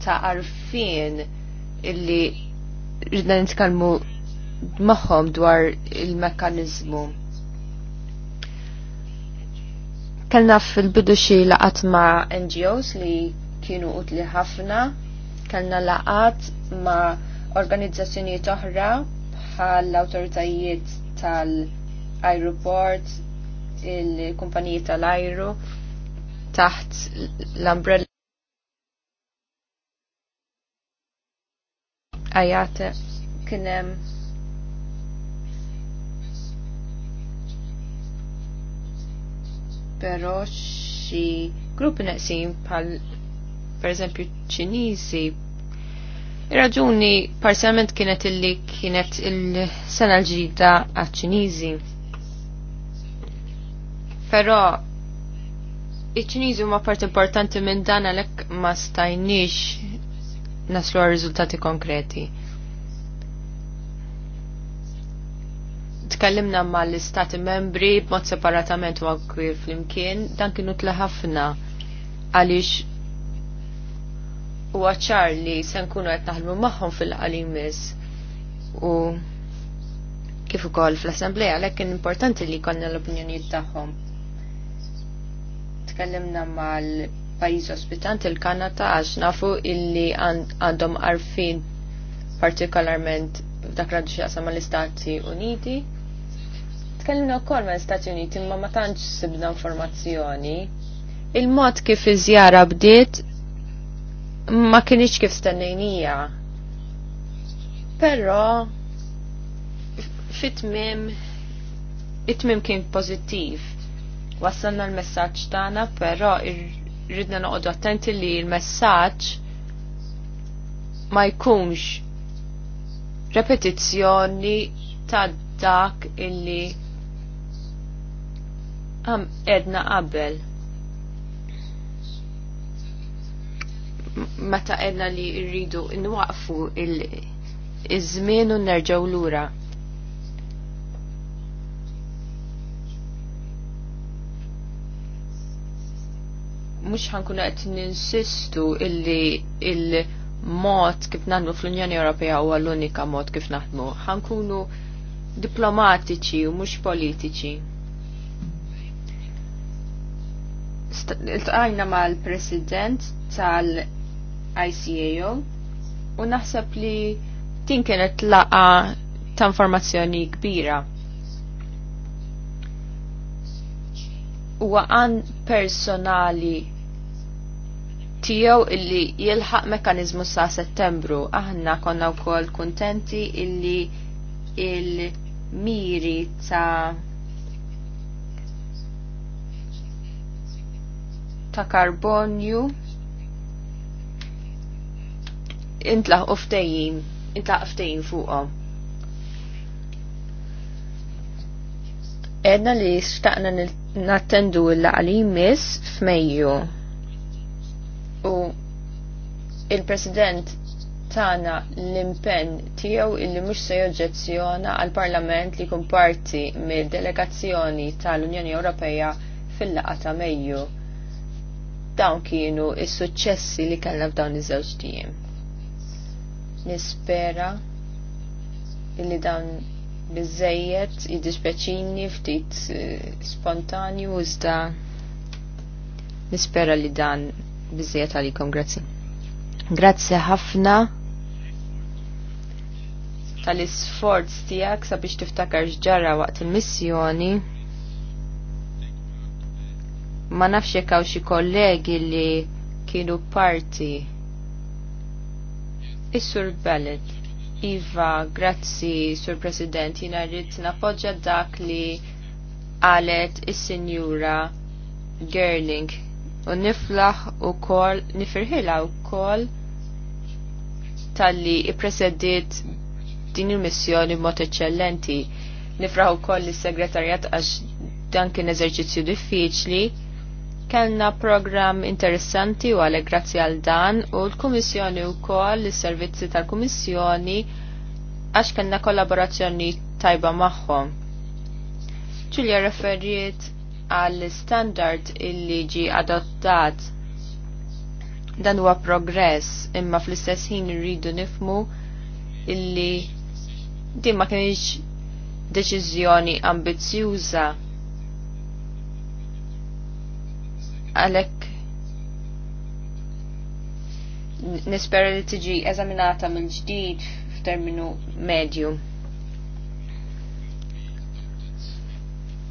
ta' arfin illi ridna nitkallmu magħhom dwar il-mekkanizmu. Kellna fil-bidu xi laqat ma' NGOs li kienu utli ħafna, kellna laqat ma' organizzazzjoni oħra bħal l-autoritajiet tal-aeroport, il-kumpaniji tal-ajru, taħt l-umbrella Ajate kienem pero xi gruppi neqsin pal per eżempju ċiniżi raġuni parzjalment kienet illi kienet il-sena l ġida għal-Ċiniżi. Però iċ-Ċiniżi huma part importanti minn dan għalhekk ma stajniex naslu għal riżultati konkreti. tkellimna ma l-istati membri b'mod separatament u anki fl-imkien, dan kienu tleħafna għaliex u għacċar li se nkunu qed taħlmu magħhom fil-qalimis u kif ukoll fl-assembleja lekin importanti li jkollna l-opinjonijiet tagħhom. Tkellimna mal-pajjiż ospitanti l-Kanada għax nafu illi għandhom arfin partikolarment dak radu xaqsa mal-Istati Uniti. Tkellimna wkoll mal-Istati Uniti imma ma tantx sibna informazzjoni. Il-mod kif iż-żjara bdiet ma kienix kif stennejnija. Però fit mim it mim kien pozittiv, Wassalna l-messaġġ tagħna, però rridna noqogħdu attenti li l-messaġġ ma jkunx repetizzjoni ta' dak illi għam edna qabel. meta għedna li rridu nwaqfu il-żmien u nerġaw lura. Mux ħankun qed ninsistu illi il-mod kif naħdmu fl-Unjoni Ewropea huwa l-unika mod kif naħdmu. Ħankunu diplomatiċi u mhux politiċi. Iltqajna mal-President tal- ICAO u naħseb li din kienet laqa ta' informazzjoni kbira. Huwa għan personali tiegħu illi jilħaq mekkaniżmu sa' Settembru. Aħna konna wkoll kuntenti illi il-miri ta' ta' karbonju intlaħ uftejjin, intlaħ uftejjin fuqhom. Edna li xtaqna nattendu l-għalim mis f'Mejju. U il-President tana l-impenn tiegħu illi mhux se joġġezzjona għal Parlament li jkun parti mid-delegazzjoni tal-Unjoni Ewropea fil-laqgħa ta' Mejju dawn kienu il suċċessi li kellna f'dawn iż-żewġ tiem. Nispera illi dan bizzejiet jiddispeċini ftit eh, spontanju iżda nispera li dan bizzejiet għalikom, grazzi. Grazzi ħafna tal-isforz tijak sabiex tiftakar ġara waqt il-missjoni ma nafx jekk hawn xi kollegi li kienu parti Is-Sur Bellet. Iva, grazzi, Sur President, jina rrit napoġġa dak li għalet is-Sinjura Gerling u niflaħ u kol, nifirħila u kol tal-li i-presedit din il-missjoni mot eccellenti. Nifraħ u kol li segretarjat għax dan kien eżerċizzju diffiċli Kellna program interessanti u għale grazzi għal dan u l-Kummissjoni u koll l-servizzi tal-Kummissjoni għax kellna kollaborazzjoni tajba maħħom. Ġulja referiet għal standard illi ġi adottat dan huwa progress imma fl-istess ħin irridu nifmu illi din ma kienx deċiżjoni ambizzjuża għalek nispera li tiġi eżaminata mill ġdid f'terminu medju.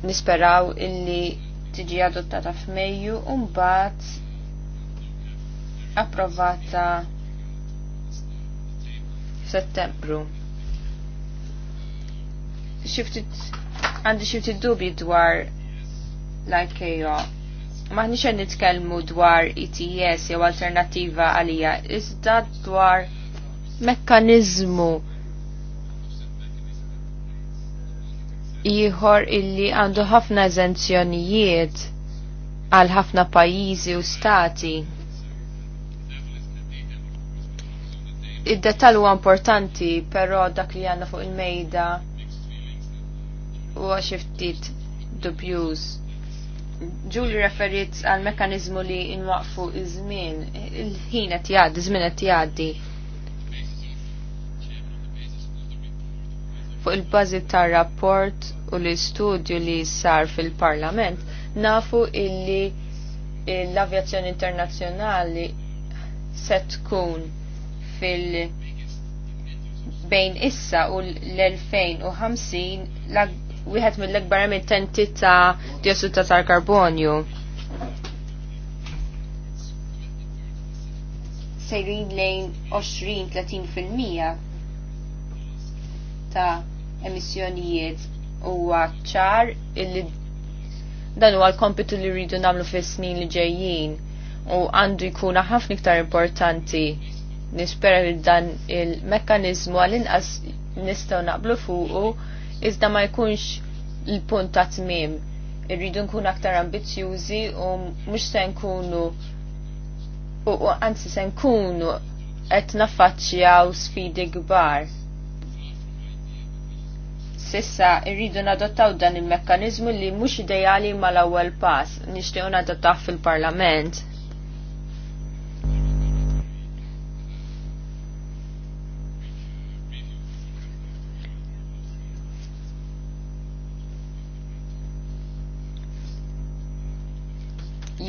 Nisperaw illi tiġi adottata f'Mejju u mbagħad approvata f'Settembru. Xiftit għandi xiftit dubji dwar l-IKO Maħniċ nitkelmu dwar ETS jew alternativa għalija, iżda dwar mekkanizmu ieħor illi għandu ħafna eżenzjonijiet għal ħafna pajjiżi u stati. Id-detal huwa importanti, però dak li għandna fuq il-mejda huwa xi ftit dubjuż Ġuli referit għal mekanizmu li nwaqfu iż-żmien, il-ħin qed jgħaddi, żmien qed jgħaddi. Fuq il-bażi tar-rapport u l-istudju li sar fil-Parlament, nafu illi l-avjazzjoni internazzjonali se tkun fil- bejn issa u l-2050 wieħed mill-ikbar emittenti ta' dioxid ta' karbonju. Sejrin lejn 20-30% ta' emissjonijiet huwa ċar illi dan huwa l-kompitu li rridu nagħmlu fis-snin li ġejjin u għandu jkun ħafna iktar importanti nispera li dan il-mekkaniżmu għal-inqas nistgħu naqblu fuqu iżda ma jkunx il-punt ta' tmim. Irridu nkun aktar ambizjużi u mhux se nkunu u anzi se nkunu qed naffaċċjaw sfidi kbar. Sissa irridu nadottaw dan il-mekkaniżmu li mhux ideali mal-ewwel pass nixtiequ nadottaw fil-Parlament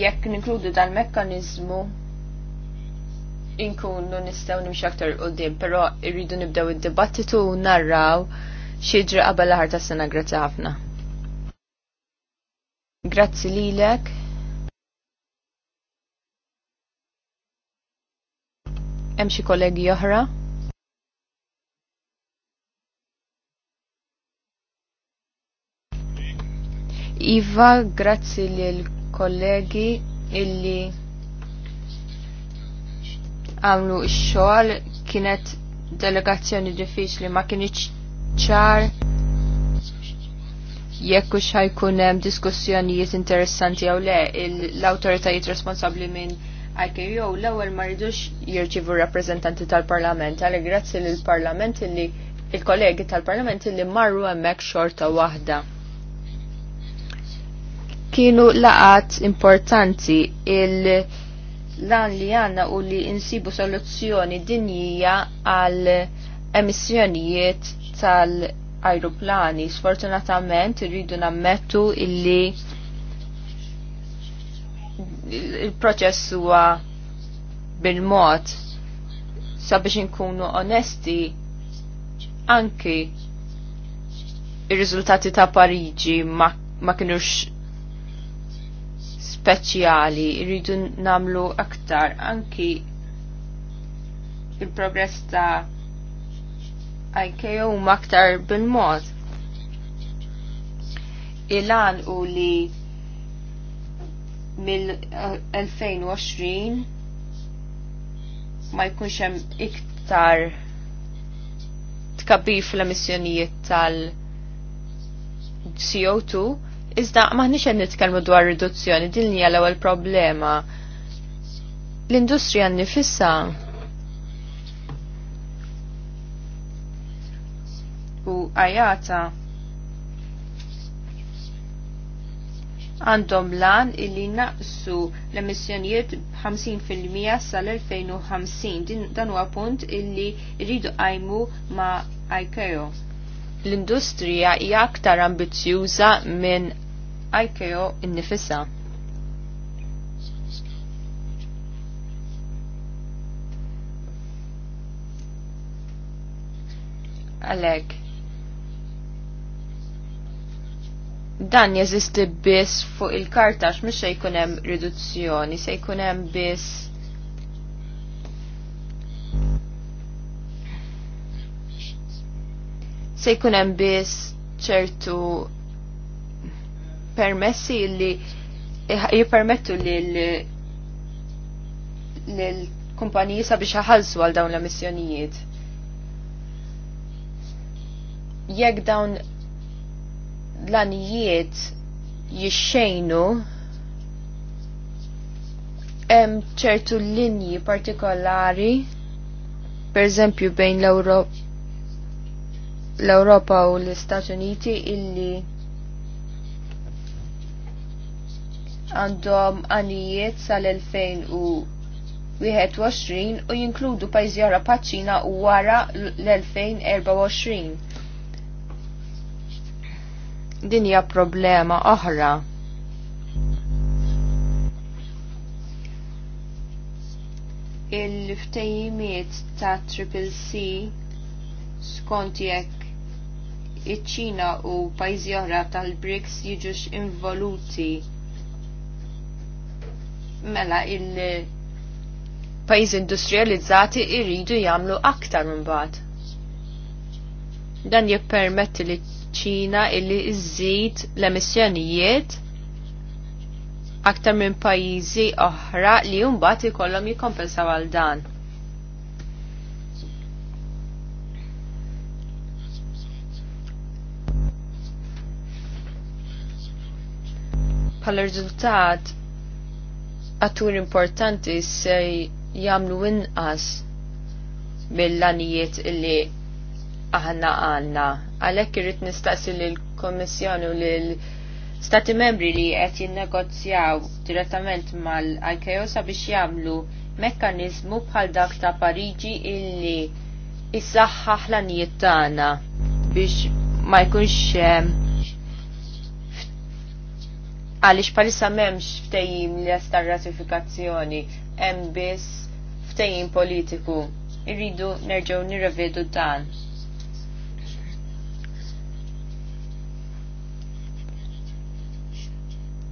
jekk ninkludu dal-mekkanizmu inkunu nistaw nimxu aktar qudiem, però irridu nibdew id-dibattitu u narraw ġri qabel l-aħar ta' sena grazzi ħafna. Grazzi lilek. Hemm xi kollegi oħra? Iva, grazzi lil kollegi illi għamlu x-xogħol kienet delegazzjoni diffiċli ma kienieċ ċar jekk hux hemm diskussjonijiet interessanti jew le l-awtoritajiet responsabbli minn IKO l-ewwel ma rridux jirċivu rappreżentanti tal-Parlament għalli grazzi lill-Parlament illi il-kollegi tal-Parlament illi marru hemmhekk xorta waħda kienu laqat importanti il- lan li għanna u li insibu soluzzjoni dinjija għal emissjonijiet tal-ajruplani. Sfortunatament rridu nammettu illi il-proċess huwa bil-mod sabiex inkunu onesti anki ir-riżultati ta' Pariġi ma, ma kienux speċjali rridu namlu aktar anki il-progress ta' IKO maktar bil-mod. Ilan u li mill-2020 ma jkunx hemm iktar tkabbir fl-emissjonijiet tal-CO2 Iżda maħniex qed nitkellmu dwar riduzzjoni, din hija l-ewwel problema. L-industrija nifissa u ajata għandhom lan illi naqsu l-emissjonijiet 50% sal-2050. Dan huwa punt illi rridu għajmu ma' ICAO. L-industrija hija aktar ambizzjuża minn IKO innifissa. Għalek. Dan jeżisti biss fuq il-kartax mhux se jkun hemm riduzzjoni, se jkun hemm biss se jkun hemm biss ċertu permessi li eh, jipermettu li l-kumpaniji sabiex ħalsu għal dawn l missjonijiet Jekk dawn l-anijiet jixxejnu hemm ċertu linji partikolari pereżempju bejn l-Ewropa u l-Istati Uniti illi għandhom għanijiet sal-2021 u jinkludu pajzi oħra u wara l-2024. Din hija problema oħra. Il-ftejimiet ta' Triple C skont jekk iċ-Ċina u pajzi oħra tal-BRICS jiġux involuti mela il- pajiz industrializzati irridu jagħmlu aktar minn bad. Dan jippermetti li ċina illi iżżid l-emissjonijiet aktar minn pajjiżi oħra li mbagħad ikollhom jikkompensaw għal dan. Pal-riżultat attur importanti se jagħmlu inqas mill-lanijiet illi aħna għanna. Għalhekk irrid nistaqsi lill-Kommissjoni u lil Stati membri li qed jinnegozjaw direttament mal-IKO biex jagħmlu mekkanizmu bħal dak ta' Pariġi illi issaħħaħ l-anijiet tagħna biex ma jkunx għaliex palissa m'hemmx ftejim li sta ratifikazzjoni, hemm biss ftehim politiku. Irridu nerġgħu nirrevedu dan.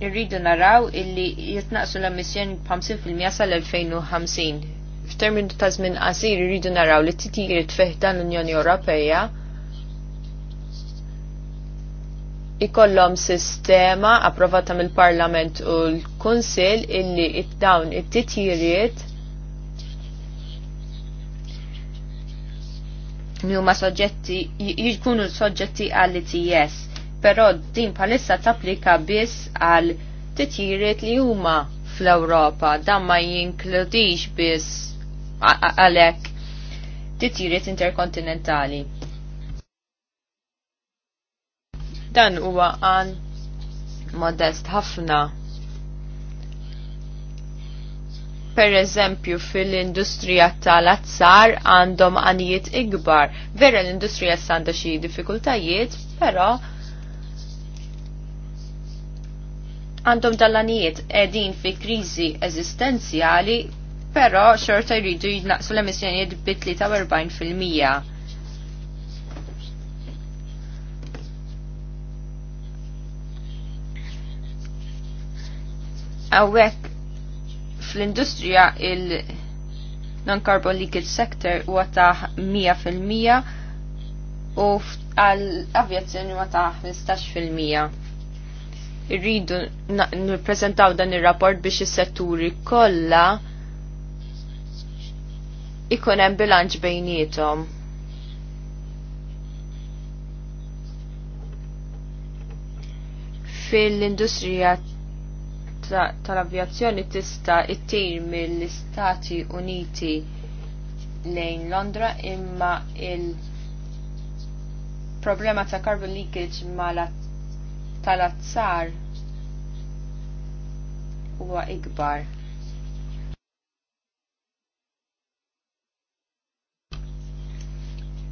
irridu naraw illi jitnaqsu l-emissjoni b'50% sal-2050. F'terminu ta' żmien qasir irridu naraw li t-titjiri tfeħ dan l-Unjoni Ewropea ikollhom sistema approvata mill-Parlament u l-Kunsill illi id-dawn it-titjiriet li huma soġġetti jkunu soġġetti għall its però din palissa tapplika biss għal titjiriet li huma fl-Ewropa dan ma jinkludix biss għalhekk titjiriet interkontinentali. Dan huwa għan modest ħafna. Per eżempju, fil-industrija tal-azzar għandhom għanijiet ikbar. Vera l-industrija s-sanda xie diffikultajiet, pero għandhom dal-għanijiet edin fi krizi eżistenzjali, pero xorta jridu jidnaqsu l-emissjonijiet bit 43%. Għawek fl-industrija il- non-carbon leakage sector huwa ta' 100% u għal avjazzjoni u ta' 15%. Irridu nippreżentaw dan ir-rapport biex is-setturi kollha ikun hemm bilanċ bejnietom. Fil-industrija tal-avjazzjoni tista' ittir mill-Istati Uniti lejn Londra imma il problema ta' carbon leakage ma tal-azzar huwa ikbar.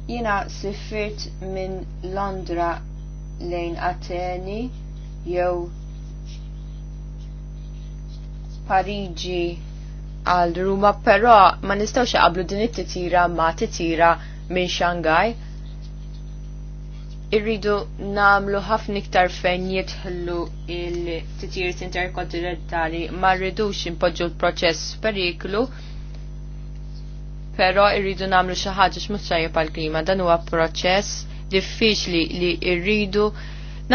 Jina sifirt minn Londra lejn Ateni jew Pariġi għal Ruma, però ma nistgħux qablu din it-titira ma titira minn Xangaj. Irridu namlu ħafna iktar fejn jitħallu il-titjiriet interkontinentali ma rridux impoġġu l-proċess periklu pero irridu namlu xi ħaġa x'mhux pal klima Dan huwa proċess diffiċli li rridu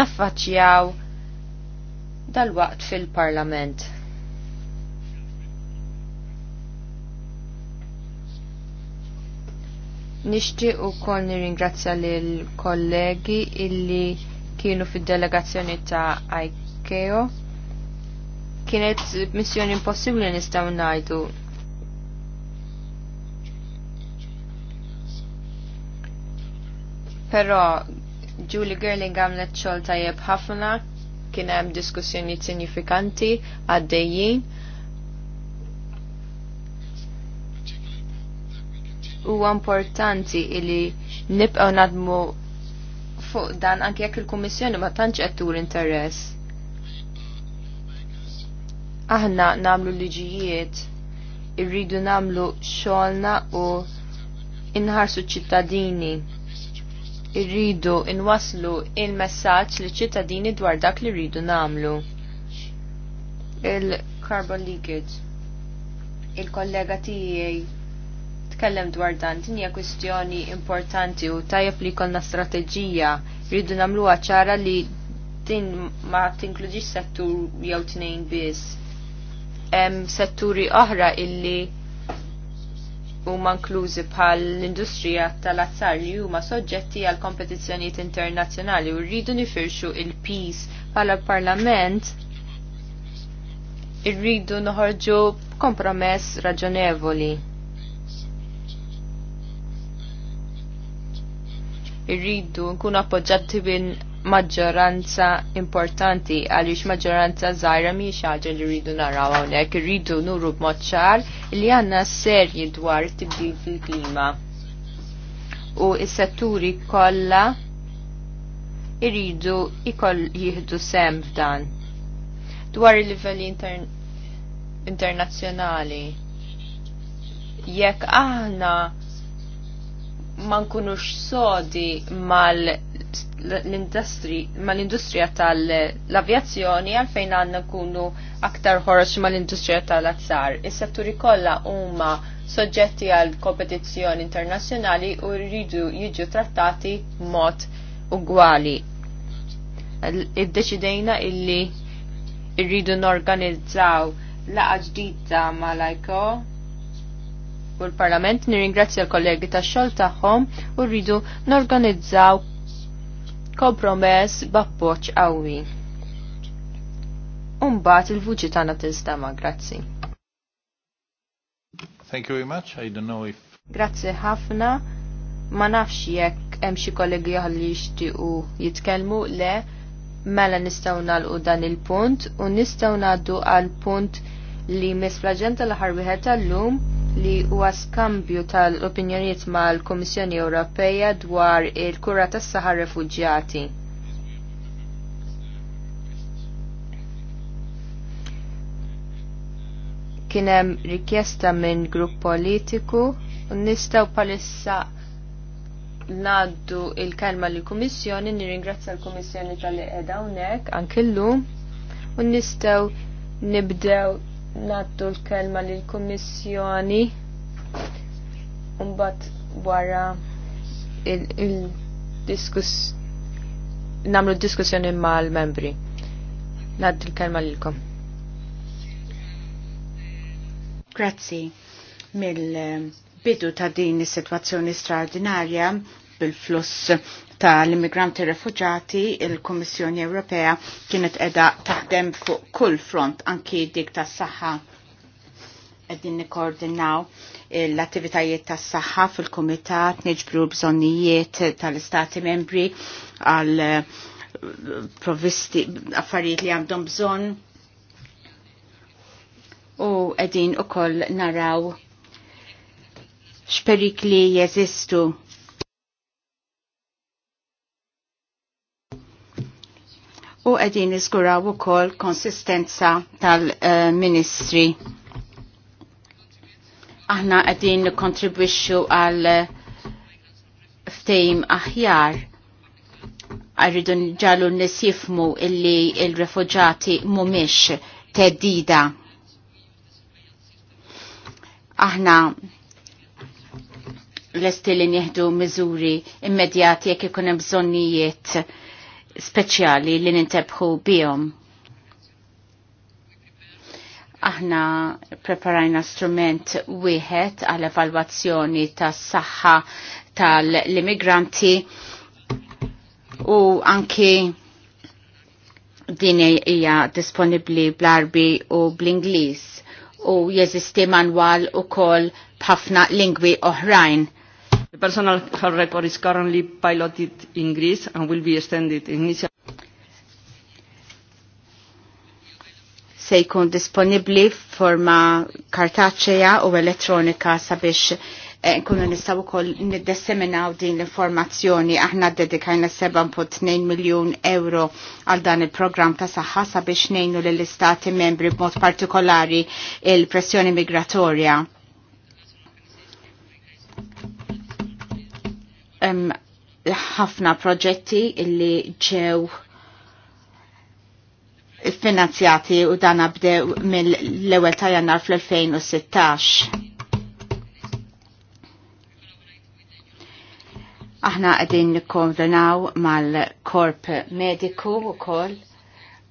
naffaċċjaw dal-waqt fil-Parlament. Nishti u kol nirringrazzja l-kollegi illi kienu fil-delegazzjoni ta' IKEO. Kienet missjoni impossibli nistaw najdu. Pero Julie Gerling għamlet xol tajjeb ħafna, kien hemm diskussjoni sinifikanti għaddejjin huwa importanti li nibqgħu nadmu fuq dan anke jekk il-Kummissjoni ma tantx qed tur interess. Aħna nagħmlu liġijiet, irridu nagħmlu xogħolna u inħarsu ċittadini. Irridu inwaslu il-messaġġ li ċittadini dwar dak li rridu nagħmlu. Il-carbon leakage. Il-kollega tiegħi tkellem dwar dan, din hija kwistjoni importanti u tajjeb li jkollna strateġija rridu nagħmluha ċara li din ma tinkludix settur jew tnejn biss. Hemm setturi oħra illi huma inklużi bħal l-industrija tal-azzar li huma soġġetti għal kompetizzjonijiet internazzjonali u rridu nifirxu il-pis bħala parlament irridu noħorġu kompromess raġonevoli. irridu nkunu appoġġati minn maġġoranza importanti għaliex maġġoranza żgħira mhijiex ħaġa li rridu naraw hawnhekk, irridu nuru b'mod ċar li għandna serji dwar tibdil fil-klima. U s-setturi kollha irridu ikoll jieħdu sem f'dan. Dwar il-livelli intern internazzjonali jekk aħna ma nkunux sodi mal-industrija tal-avjazzjoni għalfejn għanna nkunu aktar ħoroċ mal-industrija tal-azzar. Is-setturi kollha huma soġġetti għal kompetizzjoni internazzjonali u rridu jiġu trattati mod ugwali. Iddeċidejna illi rridu norganizzaw laqa ġdida mal-ICO u l-Parlament nirringrazzja l-kollegi ta' xol tagħhom u rridu norganizzaw kompromess b'appoġġ qawwi. Umbat il-vuċi tagħna tiżdama, grazzi. Thank you very much. I don't know if Grazzi ħafna. Ma nafx jekk hemm xi kollegi li jixtiequ jitkellmu le mela nistgħu nagħlqu dan il-punt u nistgħu ngħaddu għal punt li mis tal l-aħħar wieħed tal-lum li huwa skambju tal-opinjonijiet mal-Kummissjoni Ewropea dwar il-kura tas-saħar refuġjati. Kien hemm rikjesta minn grupp politiku u nistgħu palissa naddu il-kelma li kummissjoni nirringrazzja l-Kummissjoni tal-li qiegħda hawnhekk anke llum u nistgħu nibdew naddu l-kelma li l-Kommissjoni unbat wara il-diskus il namlu diskussjoni mal-membri. Naddu l-kelma lilkom. Grazzi mill-bidu ta' din is-sitwazzjoni straordinarja bil-fluss tal-immigranti refugjati il-Kommissjoni Ewropea kienet edha taħdem fuq kull front anki dik tas saħħa għeddin nikkoordinaw l-attivitajiet tas saħħa fil-Komitat niġbru bżonnijiet tal-Istati membri għal eh, provisti affarijiet li għandhom bżonn u għedin u koll naraw xperikli jeżistu u għedin iżguraw ukoll konsistenza tal-ministri. Aħna għedin kontribwixxu għal ftejm aħjar għarridu ġallu nisifmu jifmu illi il-refugġati mumiex teddida. Aħna l-estil li nieħdu miżuri immedjati jekk ikun hemm bżonnijiet speċjali li nintebħu bihom. Aħna preparajna strument wieħed għal evalwazzjoni tas saħħa tal-immigranti u anki din hija disponibbli bl-Arbi u bl-Ingliż u jeżisti manwal ukoll b'ħafna lingwi oħrajn The personal health record is currently piloted in Greece and will be extended initially. se jkun disponibli forma kartaċeja u elettronika sabiex eh, nkunu nistaw ukoll niddisseminaw din l-informazzjoni. Aħna dedikajna 7.2 miljun euro għal dan il-programm ta' saħħa sabiex nejnu lill istati membri b'mod partikolari il-pressjoni migratorja. ħafna proġetti illi ġew finanzjati u dan abdew mill-ewwel ta' jannar fl-2016. Aħna qegħdin nikkonvenaw mal-korp mediku wkoll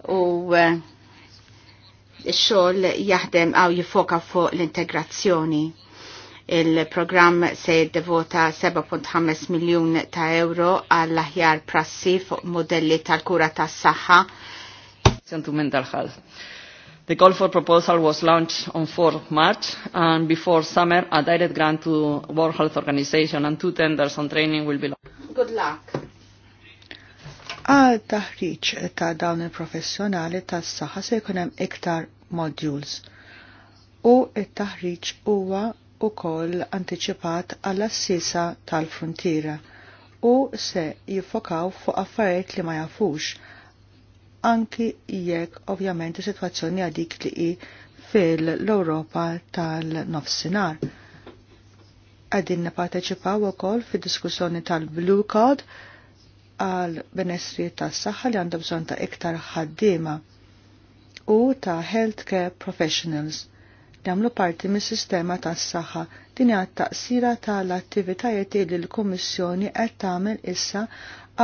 u eh, x-xogħol jaħdem għaw jifoka fuq l-integrazzjoni Il-programm se devota 7.5 miljon ta' euro għall aħjar prassi fuq modelli tal-kura tas saħħa Sentiment tal-ħal. The call for proposal was launched on 4 March and before summer a direct grant to World Health Organization and two tenders on training will be launched. Good luck għal taħriċ ta' dawn il-professjonali ta' s saħħa se jkunem iktar modules. U t taħriċ huwa u koll anticipat għall-assisa tal fruntira u se jiffokaw fuq affarijiet li ma jafux anki jekk ovvjament is-sitwazzjoni għadik li hi fil-Europa tal-nofsinar. Għadin u ukoll fid-diskussjoni tal-Blue Code għal benessri tas saħħa li għandha bżonn ta' iktar ħaddiema u ta' healthcare professionals jamlu parti mis sistema tas saħħa din hija taqsira tal-attivitajiet li l-Kummissjoni qed tagħmel issa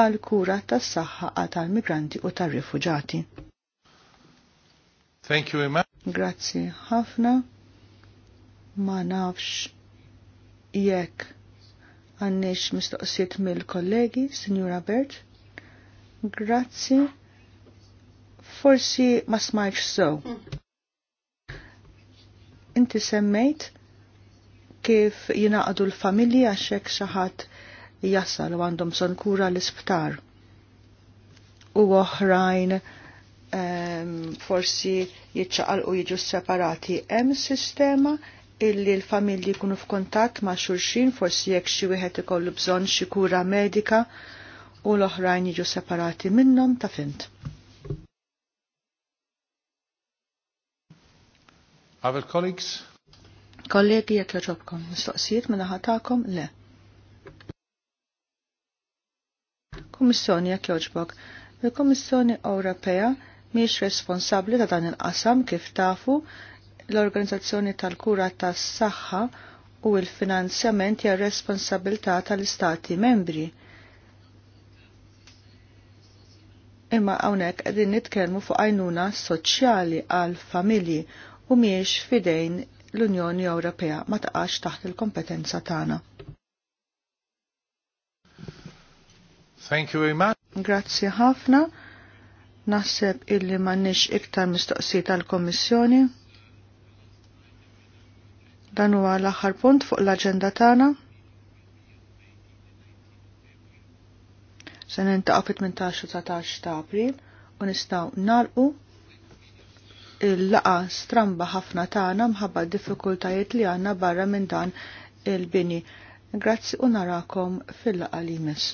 għal kura tas saħħa tal-migranti u tar-rifuġati. Thank you Emma. Grazzi ħafna. Ma nafx jekk għannex mistoqsiet mill-kollegi, Signora Bert. Grazzi. Forsi ma smajx so. Inti semmejt kif jinaqdu l-familji xek xaħat jasal u għandhom son kura l-isptar. U oħrajn um, forsi jitxaqal u jiġu separati. Hemm sistema illi l-familji kunu f'kuntatt ma' xulxin forsi jekk xi wieħed ikollu bżonn xi kura medika u l-oħrajn jiġu separati minnhom ta' fint. Other colleagues? Kollegi jekk joġobkom, mistoqsijiet minna mela ħatakom le. Kommissjoni, jekk joġbok, il-Kummissjoni Ewropea miex responsabli ta' dan il-qasam kif tafu l-Organizzazzjoni tal-Kura tas-Saħħa u l-finanzjament hija responsabilità tal-Istati membri. Imma hawnhekk qegħdin nitkellmu fuq għajnuna soċjali għal familji u miex fidejn l-Unjoni Ewropea ma taqax taħt il-kompetenza tagħna. Thank you very much. Grazzi ħafna. Naħseb illi m'għandniex iktar mistoqsijiet tal-Kommissjoni. Dan huwa l-aħħar punt fuq l-aġenda tagħna. Se nintaqa' fit-18 ta' April u nistgħu nagħlqu il-laqa stramba ħafna tagħna mħabba diffikultajiet li għandna barra minn dan il-bini. Grazzi u narakom fil-laqa li mis.